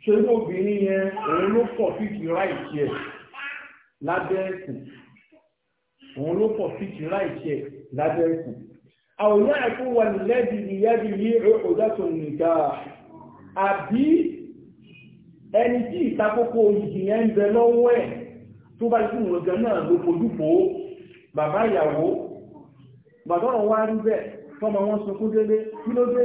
ṣe ní obìnrin yẹn òun ló pọ̀ fíìtì ráìtì ẹ̀ lábẹ́ ẹ̀sìn òun ló pọ̀ fíìtì ráìtì ẹ̀ lábẹ́ ẹ̀sìn. àwòrán ẹ̀kọ́ wà lẹ́bi ìyáàbí yí ọ̀dọ́tò nìgbà àbí ẹni tí ìtakókò yìí yẹn ń bẹ lọ́wọ́ ẹ̀ tó bá ti wọ̀n gan náà ló fojú pò ó bàbá ìyàwó gbàdọ́rọ̀ wá rí bẹ́ẹ̀ tọ́mọ wọn sunkún délé kí ló dé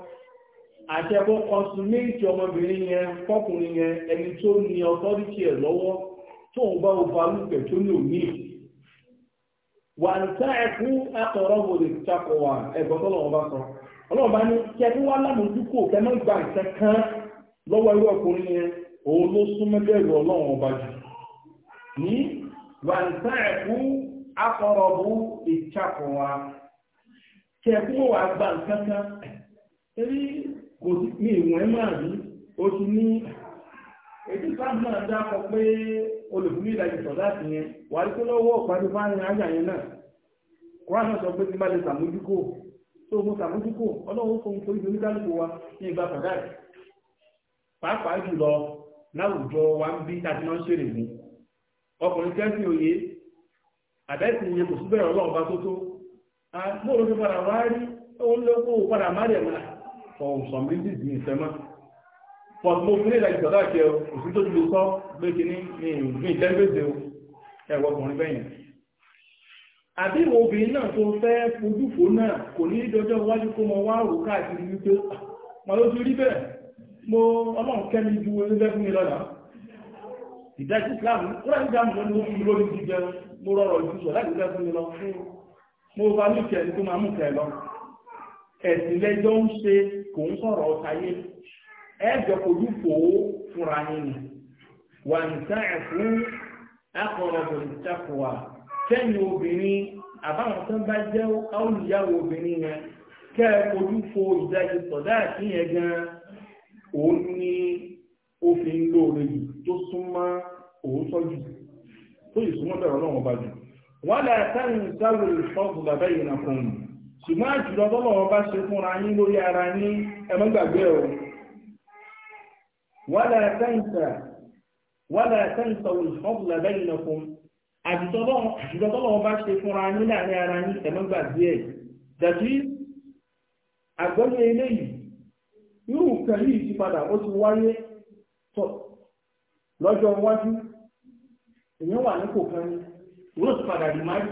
àtẹ̀kọ́ consummate ọmọbìnrin yẹn fọ́kùnrin yẹn ẹni tó ní lọ́wọ́ tó ń bá ọba lùpẹ̀ tó ní òní wà ń tá ẹkú tó lọ́wọ́ bá sọ ọlọ́ọ̀bá ní kí ẹni wá lọ́wọ́ irú ọkùnrin yẹn òun ló jù ní wà kò sí ní ìwọ̀n ẹ̀ máa rí ó ti ní ètò sáàbù náà dákọ pé olùfúnni ìdajì sọ láti yẹn wà á tó lọ́wọ́ ọ̀pàdé fáwọn ajá yẹn náà kúrán sọ pé ti má lè sàmójúkò tó mo sàmójúkò ọlọ́run fún mi torí oníkálùkù wa ní ìgbà sàdá rẹ̀ pàápàá jùlọ láwùjọ wa ń bí tàbí ọkùnrin òye kò tó tó padà wá for some reasons ní ìfẹ́ mọ́ but mo fi nílẹ̀ ìjọba àti òsì tó ti lè sọ pé kí ní ní ìtẹ́gbèsè o ẹ̀wọ̀ ọkùnrin bẹ́yìn àbí ìwọ obìnrin náà tó fẹ́ fojúfò náà kò ní ìdọjọ́ iwájú kó mọ wá rò káàkiri wípé wọn ah, ló ti rí bẹ́ẹ̀ mo ọlọ́run kẹ́mi ju ẹgbẹ́ fún mi lọ́nà ìdájí islam wọ́n ń dáàmù lórí oṣù lórí jíjẹ mo rọrọ̀ ìjúṣọ̀ láti fẹ́ fún mi lọ fún mo bá ní ìkẹ́ tó máa mú kẹ́ lọ kò ń sọ̀rọ̀ ọ̀tayé ẹ̀jọ̀ kojú fò ó fúnra yín ni wà ní sáà fún akọ̀rọ̀bù ìtàkùwà kẹ́yìn obìnrin àbáwọn tó bá jẹ́ olùyàwó obìnrin yẹn kẹ́ ẹ ìdájí sọ̀dá àti yẹn gan òun ni òfin lóore yìí tó súnmọ́ òótọ́ jù tó yìí súnmọ́ bẹ̀rẹ̀ ọlọ́run ọba jù wọ́n lè sẹ́yìn sáwìrì fọ́ọ̀bù ṣùgbọ́n àjùlọ tọ́lọ̀wọ́ bá ṣe fúnra yín lórí ara ní ẹmọ́gbàgbé ọ̀ wala tansa wala tansa al-fadla bainakum àjùlọ tọ́lọ̀wọ́ bá ṣe fúnra yín láàrin ara ní ẹmọ́gbàgbé ẹ̀ dàtí àgbọ́yé eléyìí irú nǹkan yìí ti padà ó ti wáyé tọ̀ lọ́jọ́ iwájú èèyàn wà nípò kan ní wọ́n ti padà rí máyì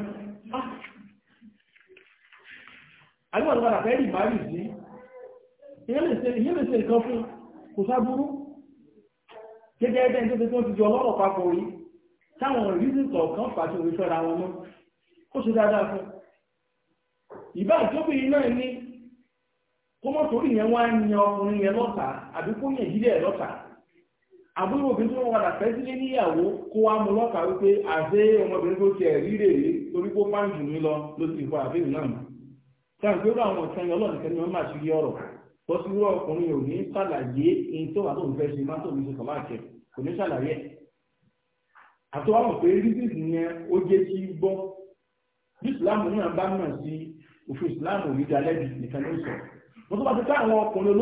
àgbà tó padà fẹ́ rí ìbárì sí ìyẹn lè ṣe nǹkan fún kò sábúrú gẹ́gẹ́ ẹgbẹ́ tó ti tó ti jọ ọlọ́rọ̀ papọ̀ rí táwọn ìrísí kọ̀ọ̀kan pàṣẹ òwe fẹ́ra wọn mọ́ ó ṣe dáadáa fún ìbá ìtóbìnrin náà ní kó mọ́ torí yẹn wá ń yan ọkùnrin yẹn lọ́ta àbí kó yẹn ìdílé lọ́ta àbúrò obìnrin tó wọ́n padà fẹ́ sílé níyàwó kó wá mú lọ́ta wípé àṣé ọmọbìnrin tó ti ẹ̀ rí rèé torí kó pàǹjù mi lọ ló sì fọ àbẹ́yìn náà táwọn ìgbéró àwọn ọ̀sán yẹn ọlọ́ọ̀nìkan ni wọ́n máa ṣe ọ̀rọ̀ bọ́sùwúrọ̀ ọkùnrin ò ní ṣàlàyé ẹni tó wà tó ń fẹ́ ṣe tó ṣe kọ̀má kò ní ṣàlàyé àtọwọ́mọ̀ pé yẹn ó jẹ́ gbọ́ bí ìsìláàmù náà bá mọ̀ sí òfin ìsìláàmù nìkan ló sọ mo bá ti ọkùnrin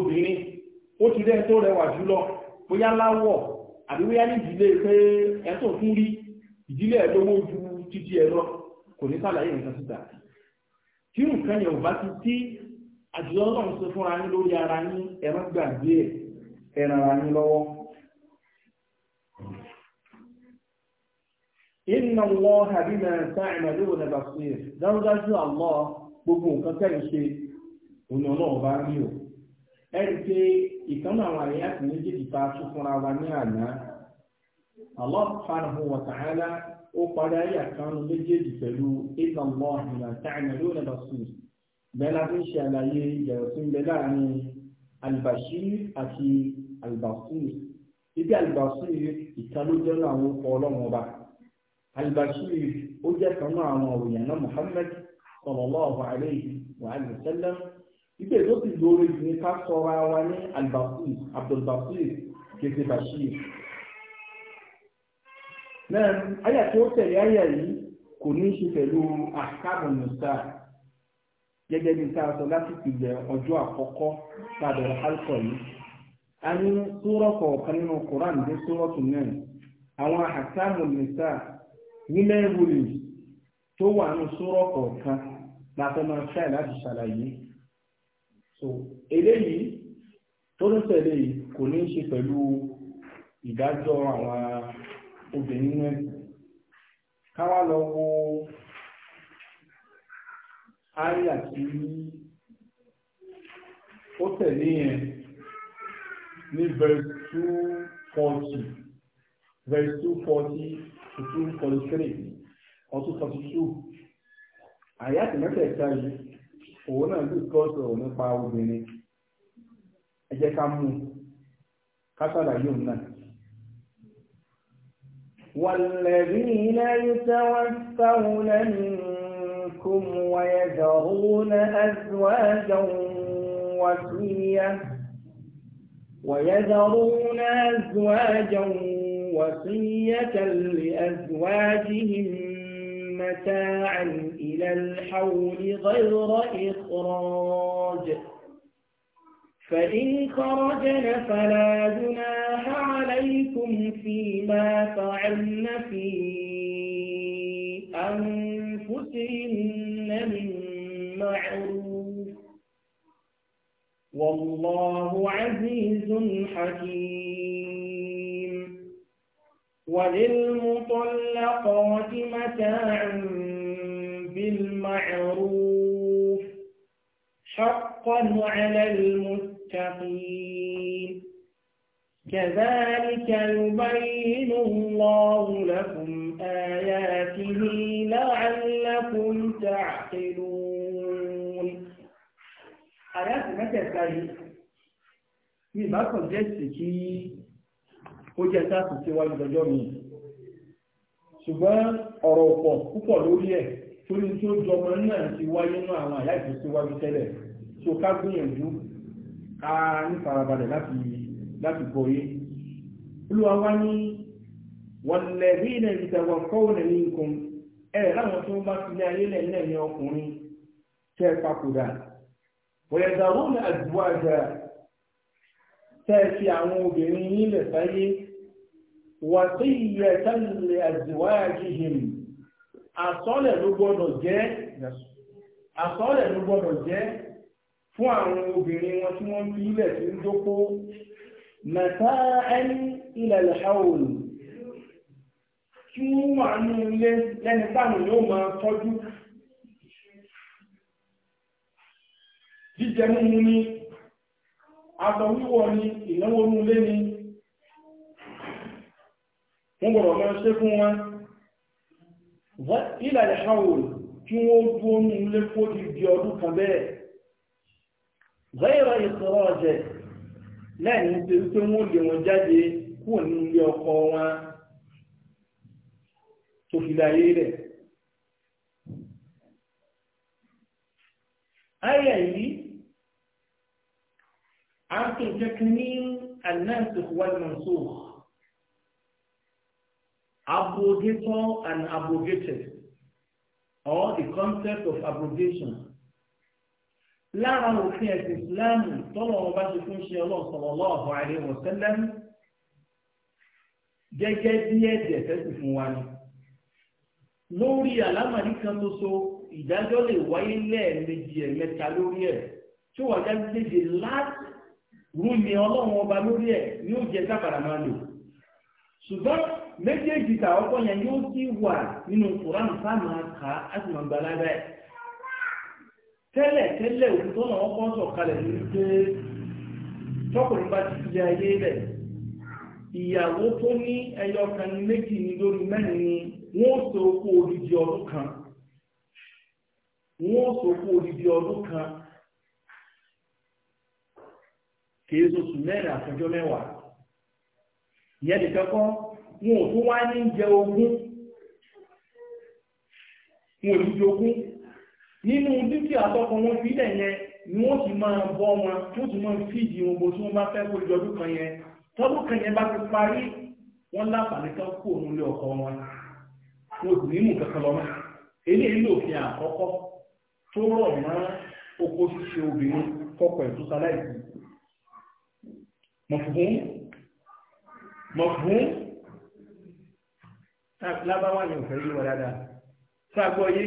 obìnrin ó ti tó rẹwà tí nǹkan yẹn ò bá ti tí àjùlọ ọlọ́run ṣe fúnra yín lórí ara yín ẹran gbàgbé ẹ̀ ẹran ara yín lọ́wọ́. inna Allaha bima basir dájúdájú àlọ́ gbogbo nǹkan tẹ̀lé ṣe òun ọlọ́run bá rí o. ẹ̀rí pé ìkànnì àwọn àyè àti méjèèjì fúnra wa ní àná wa ta'ala ó parí ayé àkànnù méjèèjì pẹ̀lú ìtàn mọ́ àmìlà táìmù lónìí basir bẹ́ẹ̀ la fi ń ṣe àlàyé ìyàwó tó ń bẹ láàrin albashir àti albasir ibi albasir ìkan ló jẹ́ náà àwọn ọkọ̀ ọlọ́run ọba albashir ó jẹ́ kan náà àwọn òòyàn náà muhammad sallallahu alayhi wa alihi wa sallam ibi èso ti lóore jù ní ká sọra wa ní albasir abdulbasir kìí ṣe náà tí ó tẹ̀lé àyà yìí kò ní í ṣe pẹ̀lú gẹ́gẹ́ bí a sọ lásìkò ìjẹ ọjọ́ àkọ́kọ́ tá a yìí a ní kọ̀ọ̀kan nínú Quran dé sórọ̀ tún náà àwọn àkàrà nìta nílẹ̀ ìwòlì tó wà ní sórọ̀ kọ̀ọ̀kan láti máa láti ṣàlàyé so eléyìí tó ń tẹ̀lé yìí kò ní í ṣe pẹ̀lú ìdájọ́ àwọn obìnrin inú ẹ̀sìn káwá lọ wo áyà tí ó tẹ̀lé yẹn ní verse two forty verse two forty to two forty three or two forty two àyà tí mẹ́tẹ̀ẹ̀ta yìí òun náà lè kọ́ sọ̀rọ̀ nípa obìnrin ẹ jẹ́ ká mú un ká sàlàyé òun náà. والذين يتوفون منكم ويذرون أزواجا وصية ويذرون أزواجا وصية لأزواجهم متاعا إلى الحول غير إخراج فإن خرجن فلا جناح عليكم فيما فعلن في أنفسهن من معروف والله عزيز حكيم وللمطلقات متاع بالمعروف حقا على المسلمين للمتقين كذلك يبين الله لكم آياته لعلكم تعقلون آيات متى ní ìbákan jẹ́sì kí ó jẹ́ sáàtì tí wájú ọjọ́ mi ṣùgbọ́n ọ̀rọ̀ ọ̀pọ̀ púpọ̀ lórí ẹ̀ torí tí ó jọmọ náà ti wáyé náà àwọn àyà ìfòsíwájú tẹ́lẹ̀ tó ká gbìyànjú ká ní farabalẹ̀ láti gbọ́yé olúwa wá ní wọ̀lẹ̀bí náà ìtẹ̀wọ̀ kọ́wọ̀nà ní nǹkan ẹ̀ láwọn tó bá ti lé ayé lẹ́yìn náà ní ọkùnrin tẹ́ papòdà wọ̀yẹ̀dàwó wà sí ìyẹ̀ tẹ́lẹ̀ àdúgbò àjìhìn àsọ́lẹ̀ ló gbọ́dọ̀ jẹ́ fún àwọn obìnrin wọn tí wọ́n fi ilẹ̀ tí ń dókó mata'an ila al-hawl kí wọ́n wà ní ilé lẹ́ni táàmù yóò máa tọ́jú jíjẹ múmu ní aṣọ wíwọ̀ ní ìnáwó ní ilé ní wọ́n gbọ́dọ̀ máa ṣe fún wọn ila al-hawl wọ́n dúó ní ilé fó gbẹ́rọ ìṣòro ọ̀jẹ̀ lẹ́yìn tí ó pé wọ́n lè wọ́n jáde kúrò ní ilé ọkọ wọn tó fi láyé rẹ̀. ayé yìí a ń tó jẹ́ kí ní annasikh abrogator and abrogated or the concept of abrogation lára òfin ẹ̀sìn ìsìláàmù tọ́lọ̀ wọn bá ti fún ṣe ọlọ́run sallallahu alaihi wasallam gẹ́gẹ́ bí ẹ̀jẹ̀ fẹ́sì fún wa ni. lórí àlámàrí kan tó so ìdájọ́ lè wáyé lẹ́ẹ̀mejì ẹ̀mẹ́ta lórí ẹ̀ tí wọ́n já gbèdé láti rú ni ọlọ́run ọba lórí ẹ̀ ni ó sábàrà máa lò. ṣùgbọ́n méjèèjì tàwọn kọ́ yẹn yóò sì wà nínú kùránù sáà máa kà á sì máa gbalára ẹ̀. tẹ́lẹ̀ tẹ́lẹ̀ òun tó náà kọ́ sọ kalẹ̀ ní wípé tọkùnrin bá ti fi tó ní ẹyọ kan ní méjì ní lórí mẹ́rin ni wọ́n so kó ọdún kan wọ́n so kó ọdún kan kìí sọ̀tù mẹ́rin ní jẹ ogún nínú dúkìá tọ́kọ wọn fi ilẹ̀ yẹn ni wọ́n ti máa bọ́ wọn wọ́n ti máa fìdí ogbó tí wọ́n bá fẹ́ kó ìjọ ọdún kan yẹn tọ́dún kan yẹn bá ti parí wọ́n láǹfààní kan kú òun lé ọkọ wọn wọn kò ní mú kankan lọ́mọ eléyìí lòfin àkọ́kọ́ tó rọ̀ mọ́ oko ṣíṣe obìnrin kọ́kọ́ ẹ̀ tó sáláìsì mọ̀fún mọ̀fún lábáwá ni òfẹ́ yíwọ dáadáa sáàgbọ́ yìí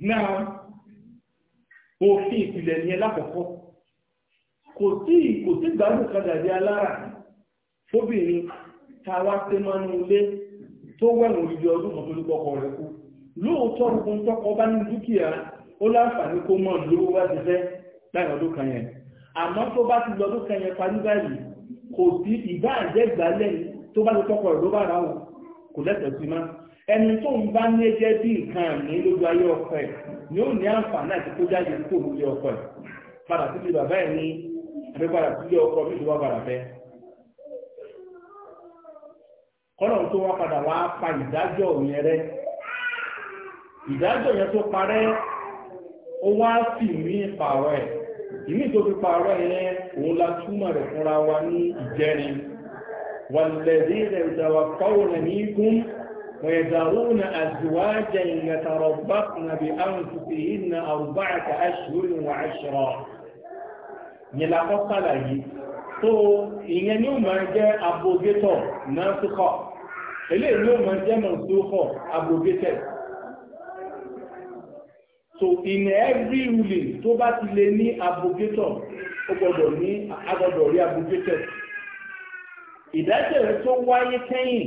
náà òfin ìpìlẹ̀ ní ẹlákọ̀ọ́kọ́ kò tí kò tí gbádùn kan dàbí alára fóbìnrin tàwa tẹ́ mọ́nú ilé tó wẹ̀rùn òjò ọdún kan tó ló kọ́kọ́ rẹ̀ kú lóòótọ́ ogun tọ́kọ bá ní dúkìá ó láǹfààní kó mọ̀ lówó wá ti fẹ́ láì ọdún kan yẹn àmọ́ tó bá ti lọ́dún kan yẹn parí báyìí kò ẹni tó ń bá ní ẹjẹ́ bí nǹkan àmì lójú ayé ọkọ ni ó ní àǹfààní àti kó jáde kó ọkọ ẹ padà síbi bàbá ẹ ní àbí padà ọkọ mi wa padà fẹ́. kọ́nà tó wá padà wá pa ìdájọ́ yẹn rẹ́ ìdájọ́ yẹn tó parẹ́ ó wá sì mí pààrọ̀ ẹ̀ fi pààrọ̀ yẹn òun la túmọ̀ rẹ̀ fúnra wa ní ìjẹrin rẹ̀ ní ويذرون أزواجا يتربصن بأنفسهن أربعة أشهر وعشرا nílàkọ́ sàlàyé tó ìyẹn ni ó máa jẹ́ abrogator náà síkọ̀ ilé ìlú ó máa jẹ́ mọ̀síkọ̀ abrogated so in every ruling tó bá ti lè ní abrogator ó gbọ́dọ̀ ní agbọ́dọ̀ rí abrogated ìdájọ́ rẹ̀ tó wáyé kẹ́yìn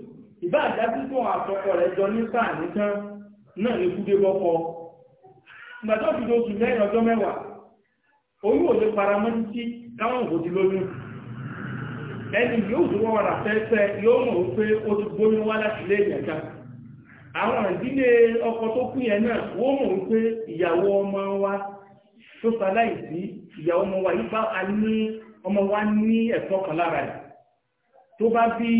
ìbá àjásíkò àtọkọ rẹ̀ jọ náà ní kúdé bọ́kọ ìgbàtọ́ fi lóṣù lẹ́yìn ọjọ́ mẹ́wàá oyún ò lè káwọn lóyún ẹni yóò tó wọ́n fẹ́fẹ́ yóò mọ̀ ó ti gbóyún wá ọkọ tó kú yẹn náà mọ̀ ìyàwó ọmọ wa tó ṣaláìsí ìyàwó ọmọ wa yípa a ní ọmọ wa ní ẹ̀tọ́ kan lára ẹ̀ tó bá bí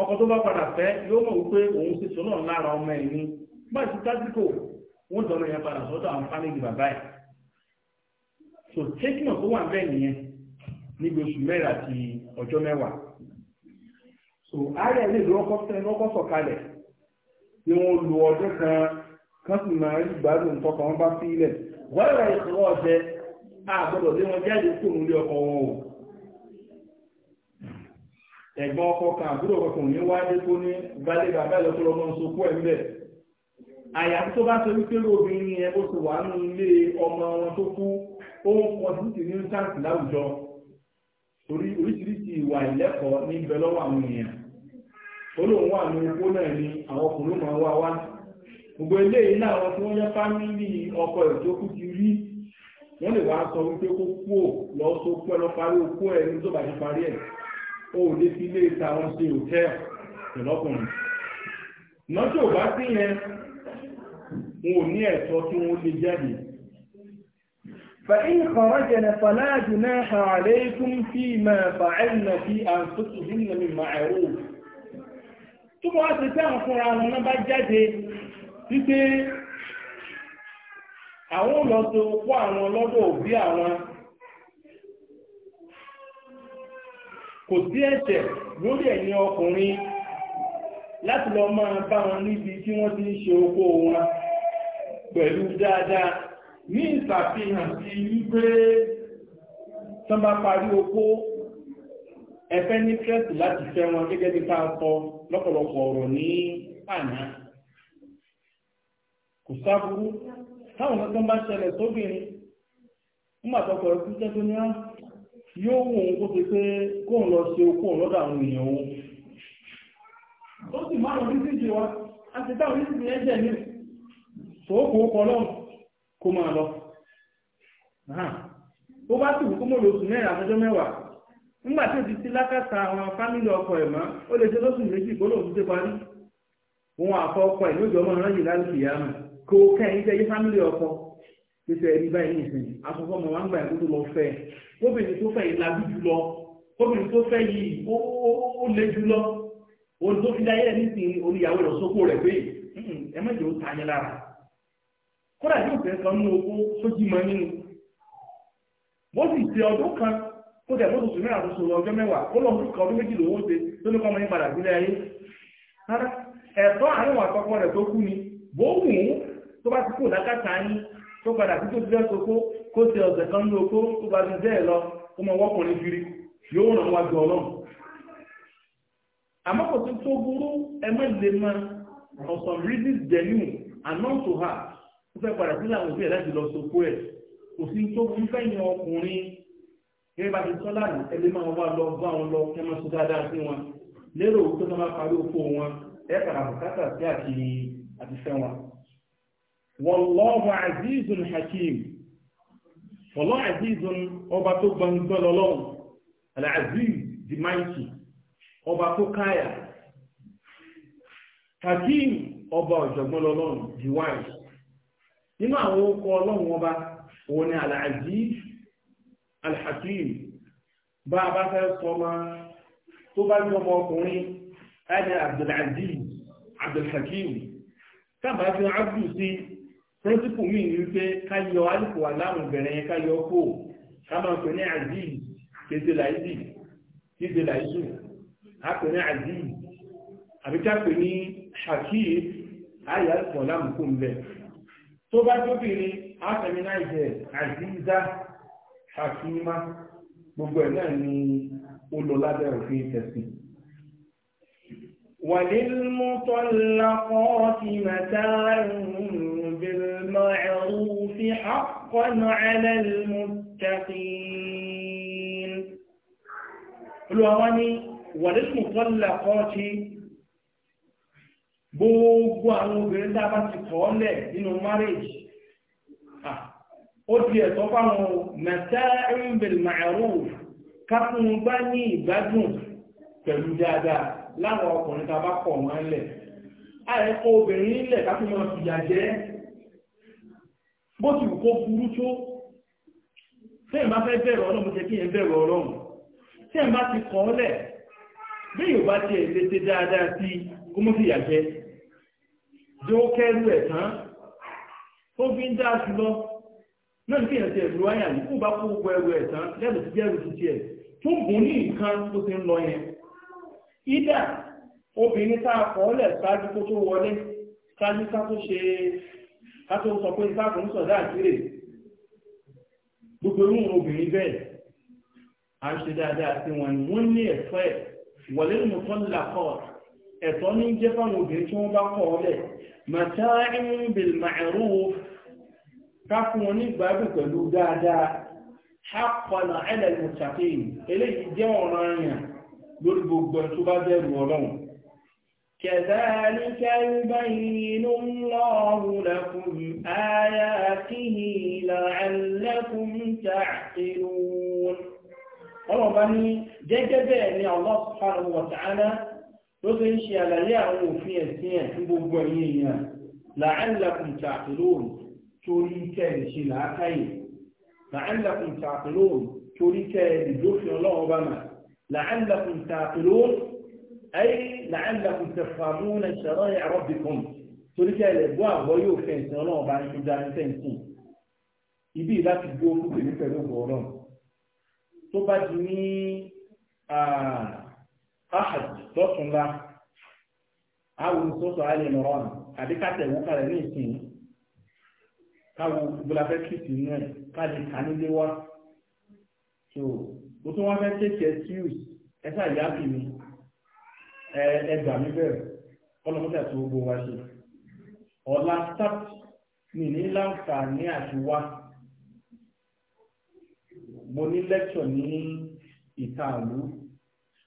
ọkọ tó bá padà fẹ́ yóò mọ̀ wípé òun sí sọ náà lára ọmọ ẹ̀ ní bá wọ́n dọ̀nà padà sọ́dọ̀ àwọn fámìlì bàbá ẹ̀ so tẹ́kínà tó wà bẹ́ẹ̀ nìyẹn níbi oṣù mẹ́rin àti ọjọ́ mẹ́wàá so ààrẹ lè lọ́kọ́ fẹ́ ẹ̀gbọ́n ọkọ kan àbúrò ọkọkùnrin ní wáyé tó ní balẹ̀ bàbá ìlọ́tọ́ lọ́mọ nsokú ẹ̀ ńbẹ̀ àyàfi tó bá sọ wípé lóbìnrin yẹn ó ti wà nínú ilé ọmọ wọn tó kú ó ń pọn títì ní sáǹtì láwùjọ torí oríṣiríṣi ìwà ìlẹ́kọ̀ọ́ ní bẹ lọ́wọ́ àwọn èèyàn olóhùn wà ní opó náà ni àwọn ọkùnrin máa wá wá gbogbo eléyìí náà wọn tí wọ́n yẹ fámìlì ọkọ ẹ̀ tó kú ti rí wọ́n lè wá sọ wípé kó kú ò lọ sókú ẹ lọ parí okú ẹ ní tó bá ti parí ẹ̀ o ò lè fi ilé ìta wọn ṣe hòtẹ́ẹ̀ pẹ̀lọ́kùnrin lọ́jọ́ ò bá sí yẹn wọn ò ní ẹ̀tọ́ tí wọ́n lè jáde فإن خرجنا فلا جناح عليكم فيما فعلنا في أنفسهن من معروف tó bọ́ ṣe tẹ́ àwọn fúnra wọn náà bá jáde wípé àwọn lọ so kó àwọn lọ́dọ̀ òbí àwọn kò sí ẹ̀ṣẹ̀ lórí ẹ̀yin ọkùnrin láti lọ máa bá wọn níbi tí wọ́n ti ń ṣe oko wọn pẹ̀lú dáadáa ní ìsàfihàn sí wípé tán bá parí oko ẹfẹ́ ní kẹ́sì láti fẹ́ wọn gẹ́gẹ́ bí ká sọ lọ́pọ̀lọpọ̀ ọ̀rọ̀ ní àná kò sáburú táwọn kan bá ṣẹlẹ̀ sóbìnrin nígbà ẹkú tẹ́ ní àná yóò wù òun kó ti pé kóun lọ ṣe okó lọ́dọ̀ àwọn èèyàn òun ó sì máa wọn títí wa a ti táwọn títí yẹn jẹ́ ní sòókò ó kọ kó máa lọ ó bá sì kó mọ̀ lóṣù mẹ́rin mẹ́wàá ó ti lákàtà àwọn ó lè ṣe lóṣù méjì parí òun yìí kó jẹ́ ọkọ pèsè ẹni báyìí nìsín afọfọ ọmọ wa ń gbà ẹ̀kọ́ tó lọ fẹ́ gómìnà tó fẹ́ yìí lajú jùlọ gómìnà tó fẹ́ yìí ó lé jùlọ ohun tó fi dá yẹ nísìnyí oníyàwó lọ sóko rẹ̀ pé ẹ má jẹ́ ó ta yẹn lára kódà yóò fẹ́ kan nínú owó sójì mọ́ nínú bó sì ṣe ọdún kan tó tẹ̀ bó tuntun mẹ́ta tó so ọjọ́ mẹ́wàá ó lọ fún kan ọdún méjì lówó ṣe tó ní kọ́ ọmọ yín padà sílé ayé rárá ẹ̀tọ́ àárín wà tọkọ rẹ̀ tó kú ni bó wù ú tó bá ti kó lákàtà yín tó padà sí tó ti fẹ́ soko kó ṣe ọ̀sẹ̀ kan ní oko tó bá ti dẹ́ ẹ̀ lọ kó mọ wọ́kùnrin kiri yóò ràn wá jọ ọlọ́run àmọ́ kò tó tó burú ẹ má lè ma for some reasons genuine and not to her ó fẹ́ padà sílẹ̀ àwọn òbí ẹ̀ láti lọ soko ẹ̀ kò sí tó burú fẹ́yìn ọkùnrin gẹ́gẹ́ bá ti sọ láàrín ẹlẹ́ máa wá lọ bá wọn lọ kí wọ́n sọ dáadáa sí wọn lérò tó tó máa parí oko wọn ẹ̀ padà bùkátà sí àti àti fẹ́ wọn wallahu azizun hakim wallahu azizun ọba tó gbọǹgbọ́n lọ́lọ́run alaziz the mighty ọba tó káyà hakim ọba ọ̀jọ̀gbọ́n lọ́lọ́run the wise nínú àwọn orúkọ ọlọ́run ọba òun ni alaziz alhakim bá a bá fẹ́ sọmọ tó bá gbọmọ ọkùnrin ẹni píríncípù mi ni wípé ká yọ alùpùpù aláàmù bẹ̀rẹ̀ yẹn ká yọ kó ká máa pè ní aziz kéde làídì kéde làídù á pè ní aziz àbí ká pè ní hakim ayé alùpùpù aláàmù kò ń tó bá tóbìnrin á fẹ̀mí náà jẹ aziza hakima gbogbo ẹ̀ náà ni ó lọ òfin tẹ̀sìn. وللمطلقات متاع بالمعروف حقا على المتقين الوغني وللمطلقات gbogbo àwọn obìnrin tá a bá ti kọ́ lẹ̀ nínú marriage ó di ẹ̀tọ́ fáwọn mata'un bil ma'ruf kápùn bá ní ìgbádùn pẹ̀lú dáadáa láwọn ọkùnrin ta bá kọ̀ wọ́n lẹ̀ àìkọ obìnrin lẹ̀ káfí mọ́ fìyà jẹ́ bó ti wù kó burú tó tẹ́yìn bá fẹ́ bẹ̀rẹ̀ ọlọ́run jẹ́ kí ẹ bẹ̀rẹ̀ ọlọ́run tẹ́yìn bá ti kọ́ lẹ̀ bí yóò bá ti ẹ̀ lè ṣe dáadáa sí kó mú fìyà jẹ́ jẹ́ ó kẹ́rù ẹ̀ tán tó fi ń dá jùlọ náà ní kíyàn ti ẹ̀rù wáyà ní kó bá kó gbogbo ẹrù ẹ̀ tán lẹ́bùn ti jẹ́rù ti tiẹ̀ tó gùn ní nǹkan tó ti ń lọ yẹn ìdá obìnrin tá a kọ́ lẹ̀ ṣáájú kó tó wọlé ṣáájú ká tó ṣe ká tó sọ pé ìsáàkùn ń sọ̀dá àkírè gbogbo irú obìnrin bẹ́ẹ̀ a ṣe dáadáa sí wọn ni wọ́n ní ẹ̀fọ́ ẹ̀ wọlé nínú tó ń ẹ̀tọ́ ní jẹ́ fáwọn obìnrin tí wọ́n lórí gbogbo ẹ̀ tó bá bẹ̀rù ọlọ́run كذلك يبين الله لكم آياته لعلكم تعقلون ọlọ́ba ní gẹ́gẹ́ bẹ́ẹ̀ ni Allah subhanahu wa ta'ala ló ti ń ṣe àlàyé àwọn òfin ẹ̀sìn ẹ̀ fún gbogbo ẹ̀yin èèyàn la'allakum ta'qilun torí kẹ́ẹ̀ ṣe làákàyè la'allakum ta'qilun torí kẹ́ẹ̀ lè dófin ọlọ́ọ̀bá لعلكم تعقلون أي لعلكم تفهمون شرائع ربكم torí kẹ́ ẹ gbọ́ àgbọ́ yóò fẹ́ ìsìn ọlọ́run bá ní ṣojú ayé fẹ́ǹsìn ibi láti gbó olùgbé ní pẹ̀lú ọgbọ̀ ọlọ́run tó bá di ní ahad tọ́túnla àwọn sọ́sọ́ alẹ́ nọ̀rọ̀ àbí kàtẹ́ ìwọ́ kalẹ̀ ní ìsìn káwọn gbọ́dọ̀ fẹ́ kìtì nínú ẹ̀ ká lè kà nílé wá mo tún wá fẹ́ take excuse ẹ sáà yá bì mí ẹ gbà mí bẹ̀rẹ̀ ọlọ́mọdé àti gbogbo wa ṣe ọ̀la sábà mi ní láǹfààní àti wá mo ní lẹ́kṣọ̀ ní ìta àlú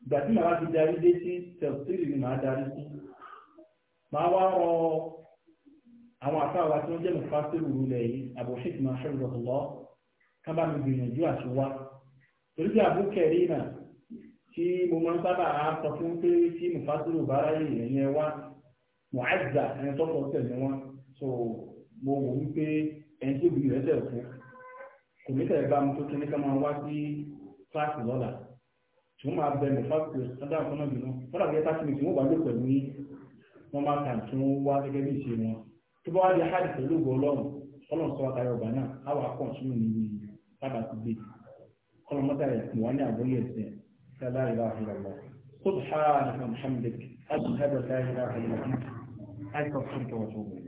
ìgbà tí màá fi darí dé sí tẹ̀síìlì ni màá darí sí màá wá rọ àwọn àtàwà tí wọ́n jẹ́ mọ̀fásílù rúlẹ̀ yìí àbòṣe ìtìmọ̀ àṣẹ ìrọ̀lọ́ ká bá mi gbìyànjú àti wá torí bí àbúkẹ̀rí náà tí mo máa ń sábà sọ fún pé tí mufasiru bá ráyè ẹ̀yẹ wá mu'azza ẹni tọ́kọ̀ tẹ̀lé wọn so mo wò wípé ẹni tí obìnrin rẹ̀ tẹ̀ fún kò ní tẹ̀lé bá mi tó kíní ká máa wá sí kíláàsì lọ́la tí wọ́n máa bẹ mufasiru ọjà àkọ́nà jù lọ fọ́nà bí ẹ tá kíni tí wọ́n bá lò pẹ̀lú yín wọ́n máa kà tí wọ́n wá gẹ́gẹ́ bí ìṣe wọn tó bá wá di hajj pẹ̀lú ògbó ọlọ́run ọlọ́run sọ قل مثلا وانا عبودية فلا إله إلا الله سبحانك وبحمدك أشهد ان لا إله إلا أنت أستغفرك وأتوب إليك